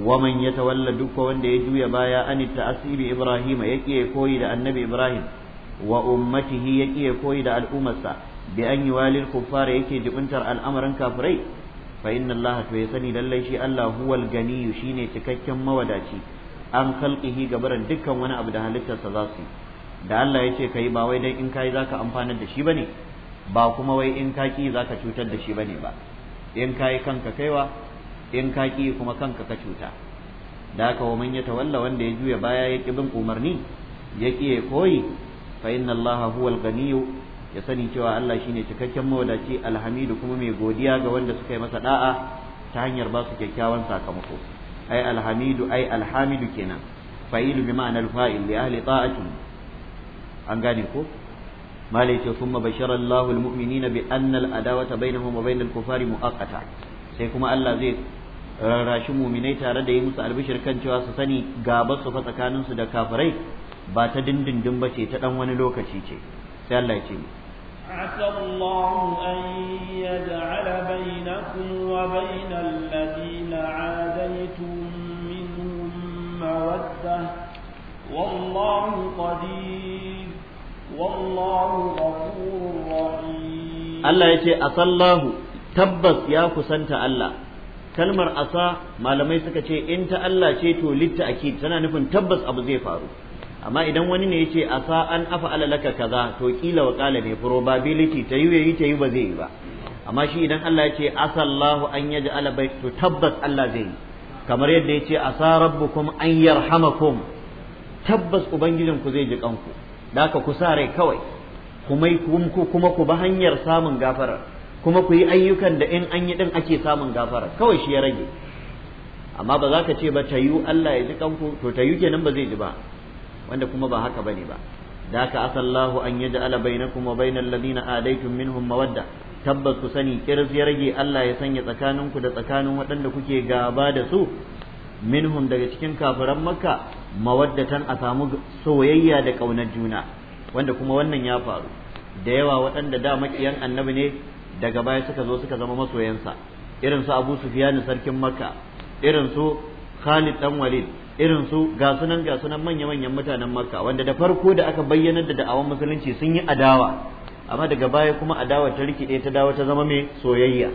wa man yatawalla duk wanda ya juya baya an ta'assi bi ibrahima yake koyi da annabi ibrahim wa ummatihi yake koyi da al'ummarsa bi an yi walil kuffara yake jibintar al'amarin kafirai fa inna allaha to ya sani lallai shi allah huwal ganiyyu shine cikakken mawadaci an khalqihi gabaran dukkan wani abu da halittarsa za su yi da Allah ya ce ka yi ba wai dai in kai yi za ka amfanar da shi ba ba kuma wai in ka ƙi za cutar da shi ba ne ba in ka yi kanka kaiwa in ka kuma kanka ka cuta da haka wa man ya tawalla wanda ya juya baya ya ki bin umarni ya kiye koyi fa inna Allah huwal ganiyyu ya sani cewa Allah shine cikakken mawadaci alhamidu kuma mai godiya ga wanda suka yi masa da'a ta hanyar ba su kyakkyawan sakamako ai alhamidu ai alhamidu kenan fa'ilu bi ma'anar fa'il li ahli ta'ati an gane ko malai ce kuma bashara Allahu almu'minina bi anna al'adawata bainahum wa bainal kufari mu'aqqata sai kuma Allah zai rarrashi mu'minai tare da yi musu albishir kan cewa su sani gabar su fa tsakanin da kafirai ba ta dindindin ba ce ta ɗan wani lokaci ce sai Allah ya ce عسى الله أن يجعل بينكم وبين الذين عاديتم المودة والله قدير والله غفور رحيم الله يتي أصلاه تبس يا كسنت الله kalmar asa malamai suka ce in ta Allah ce to litta akid tana nufin tabbas abu zai faru amma idan wani ne yace asa an afa alalaka kaza to kila wa qala bi probability ta yi yayi ta yi ba zai yi ba amma shi idan Allah ya ce asallahu an yaj'ala bai to tabbas Allah zai yi kamar yadda ya ce a asa rabbukum an yarhamakum tabbas ubangijinku zai ji kanku da aka ku sa rai kawai kuma kuma ku ba hanyar samun gafara kuma ku yi ayyukan da in an yi din ake samun gafara kawai shi ya rage amma ba za ka ce ba tayu Allah ya ji kanku to tayu kenan ba zai ji ba wanda kuma ba haka bane ba da ka asallahu an yaj'ala bainakum wa bainal ladina adaitum minhum mawadda tabbas ku sani kirs ya rage Allah ya sanya tsakaninku da tsakanin waɗanda kuke gaba da su minhum daga cikin kafiran makka mawaddatan a samu soyayya da ƙaunar juna wanda kuma wannan ya faru da yawa waɗanda da makiyan annabi ne daga baya suka zo suka zama masoyansa irin su abu sufiyanu sarkin makka irin su khalid dan walid irin su ga sunan ga sunan manya-manyan mutanen makka wanda da farko da aka bayyana da da'awan musulunci sun yi adawa amma daga baya kuma adawa ta rikide ta dawo ta zama mai soyayya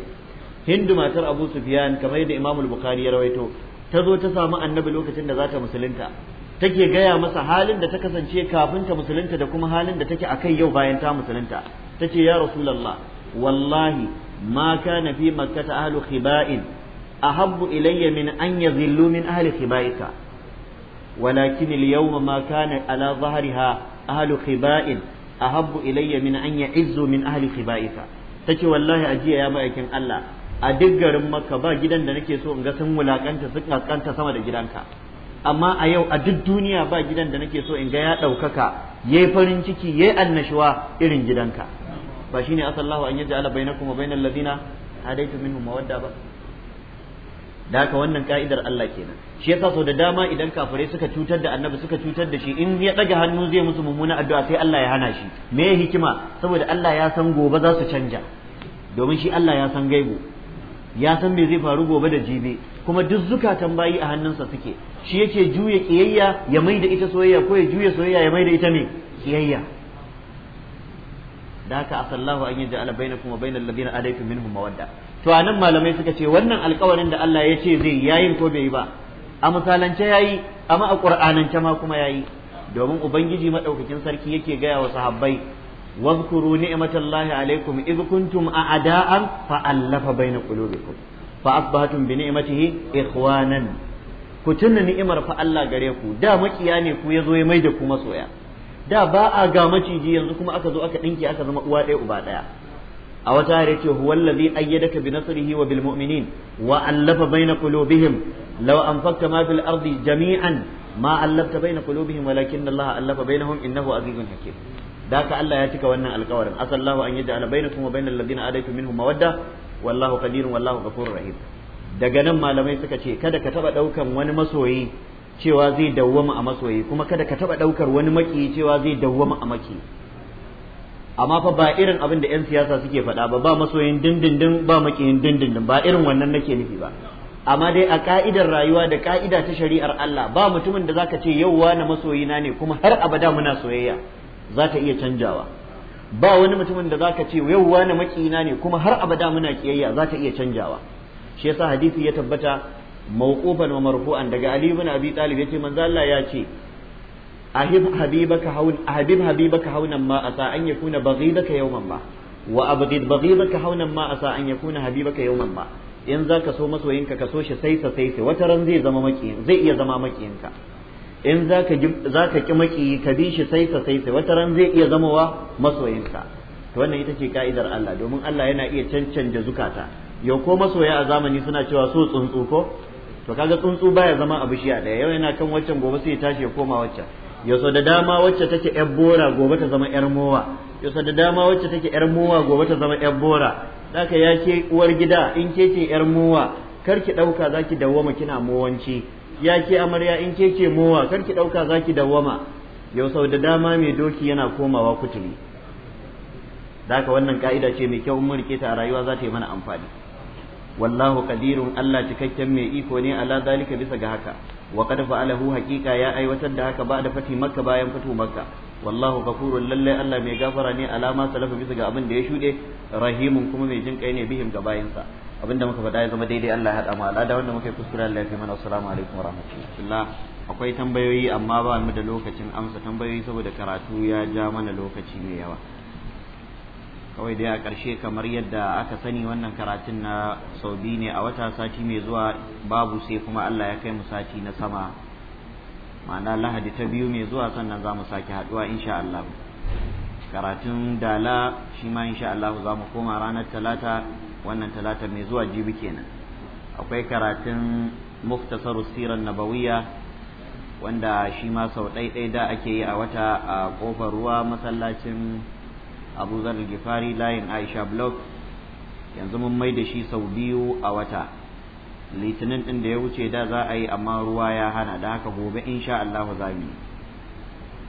hindu matar abu sufyan kamar yadda imamul bukhari ya rawaito ta zo ta samu annabi lokacin da za ta musulunta take gaya masa halin da ta kasance kafin ta musulunta da kuma halin da take akai yau bayan ta musulunta tace ya rasulullah wallahi ma kana fi makkata ahlu khiba'in ahabbu ilayya min an yazillu min ahli khiba'ika ولكن اليوم ما كان على ظهرها أهل ahabbu ilayya min an ya'izzu min ahli khiba'ika tace wallahi ajiya ya ma'aikin Allah a duk garin Makka ba gidan da nake so in ga sun wulakanta su kaskanta sama da gidanka amma a yau a duk duniya ba gidan da nake so in ga ya ɗaukaka yayi farin ciki yayi annashuwa irin gidanka ba shine asallahu an yaj'ala bainakum wa bainal ladina hadaytum minhum mawadda ba da haka wannan ka'idar Allah kenan shi yasa sau da dama idan kafirai suka cutar da annabi suka cutar da shi in ya daga hannu zai musu mummuna addu'a sai Allah ya hana shi me hikima saboda Allah ya san gobe za su canja domin shi Allah ya san gaibo ya san me zai faru gobe da jibe kuma duk zukatan bayi a hannunsa suke shi yake juya kiyayya ya mai da ita soyayya ko ya juya soyayya ya mai da ita me kiyayya da haka asallahu an yaj'ala bainakum wa bainal ladina alaykum minhum mawadda to anan malamai suka ce wannan alkawarin da Allah ya ce zai yayi ko bai ba a misalance yayi amma a qur'anance ma kuma yayi domin ubangiji madaukakin sarki yake gaya wa sahabbai واذكروا نعمة الله عليكم إذ كنتم أعداء فألف بين قلوبكم ku بنعمته إخوانا كتن ku فألا غريكو ya مكياني ya maida ميدكو soya da ba a ga maciji yanzu kuma aka zo aka ɗinki aka zama uwa ɗaya uba ɗaya a wata hari ce huwa allazi ayyadaka bi nasrihi wa bil mu'minin wa allafa baina qulubihim law anfaqta ma fil ardi jami'an ma allafta baina qulubihim walakin Allah allafa bainahum innahu azizun hakim ka Allah ya cika wannan alƙawarin asallahu an yaj'ala bainakum wa bainal ladina adaytum minhum mawadda wallahu qadirun wallahu ghafurur rahim daga nan malamai suka ce kada ka taba daukan wani masoyi cewa zai dawwama a masoyi kuma kada ka taba daukar wani maki cewa zai dawwama a maki amma fa ba irin abin da 'yan siyasa suke faɗa ba ba masoyin dindindin ba makiyin dindindin ba irin wannan nake nufi ba amma dai a ka'idar rayuwa da ka'ida ta shari'ar Allah ba mutumin da zaka ce yau wani masoyina ne kuma har abada muna soyayya za ta iya canjawa ba wani mutumin da zaka ce yau wani makiyina ne kuma har abada muna kiyayya za ta iya canjawa shi yasa hadisi ya tabbata mawqufan wa marfu'an daga Ali ibn Abi Talib yace manzo Allah ya ce ahib habibaka haun ahbib habibaka haunan ma asa an yakuna baghidaka yawman ma wa abghid baghidaka haunan ma asa an yakuna habibaka yawman ma in zaka so masoyinka ka so shi sai sa wata ran zai zama makiyinka in zaka zaka ki makiyi shi wata ran zai iya zama wa wannan ita ce ka'idar Allah domin Allah yana iya cancanta zukata yau ko masoya a zamani suna cewa so tsuntsu ko to kaga tsuntsu baya zama a bishiya daya yau yana kan waccan gobe sai ya tashi ya koma waccan yaso da dama wacce take yar bora gobe ta zama yar mowa yaso da dama wacce take yar mowa gobe ta zama yar bora zaka ya ke uwar gida in ke ce yar mowa kar ki dauka zaki dawwama kina mowanci ya ke amarya in ke ce mowa kar ki dauka zaki dawwama yau da dama mai doki yana komawa kuturi daka wannan ka'ida ce mai kyau mun rike ta a rayuwa za ta yi mana amfani wallahu qadirun Allah cikakken mai iko ne ala zalika bisa ga haka wa fa alahu haqiqa ya aiwatar da haka ba da fati makka bayan fatu makka wallahu ghafurun lallai Allah mai gafara ne alama salafu bisa ga abin da ya shude rahimun kuma mai jin kai ne bihim ga bayansa abinda muka faɗa ya zama daidai Allah ya haɗa mu al'ada wanda muka yi kuskure Allah ya mana assalamu alaikum wa rahmatullah akwai tambayoyi amma ba mu da lokacin amsa tambayoyi saboda karatu ya ja mana lokaci mai yawa kawai dai a ƙarshe kamar yadda aka sani wannan karatun na saudi ne a wata sati mai zuwa babu sai kuma Allah ya kai mu sati na sama ma'ana lahadi ta biyu mai zuwa sannan za mu sake haɗuwa insha Allah karatun dala shi ma insha Allah za mu koma ranar talata wannan talata mai zuwa jibi kenan akwai karatun muktasar sirar nabawiyya wanda shi ma sau ɗaiɗai da ake yi a wata a ƙofar ruwa masallacin abu zar gifari layin aisha blog yanzu mun mai da shi sau biyu a wata litinin ɗin da ya wuce da za a yi amma ruwa ya hana da haka gobe insha Allah za mu yi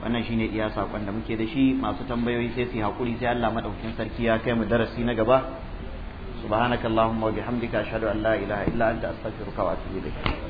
wannan shine iya sakon da muke da shi masu tambayoyi sai su hakuri sai Allah madaukakin sarki ya kai mu darasi na gaba subhanakallahumma wa bihamdika ashhadu an la ilaha illa anta astaghfiruka wa atubu ilaik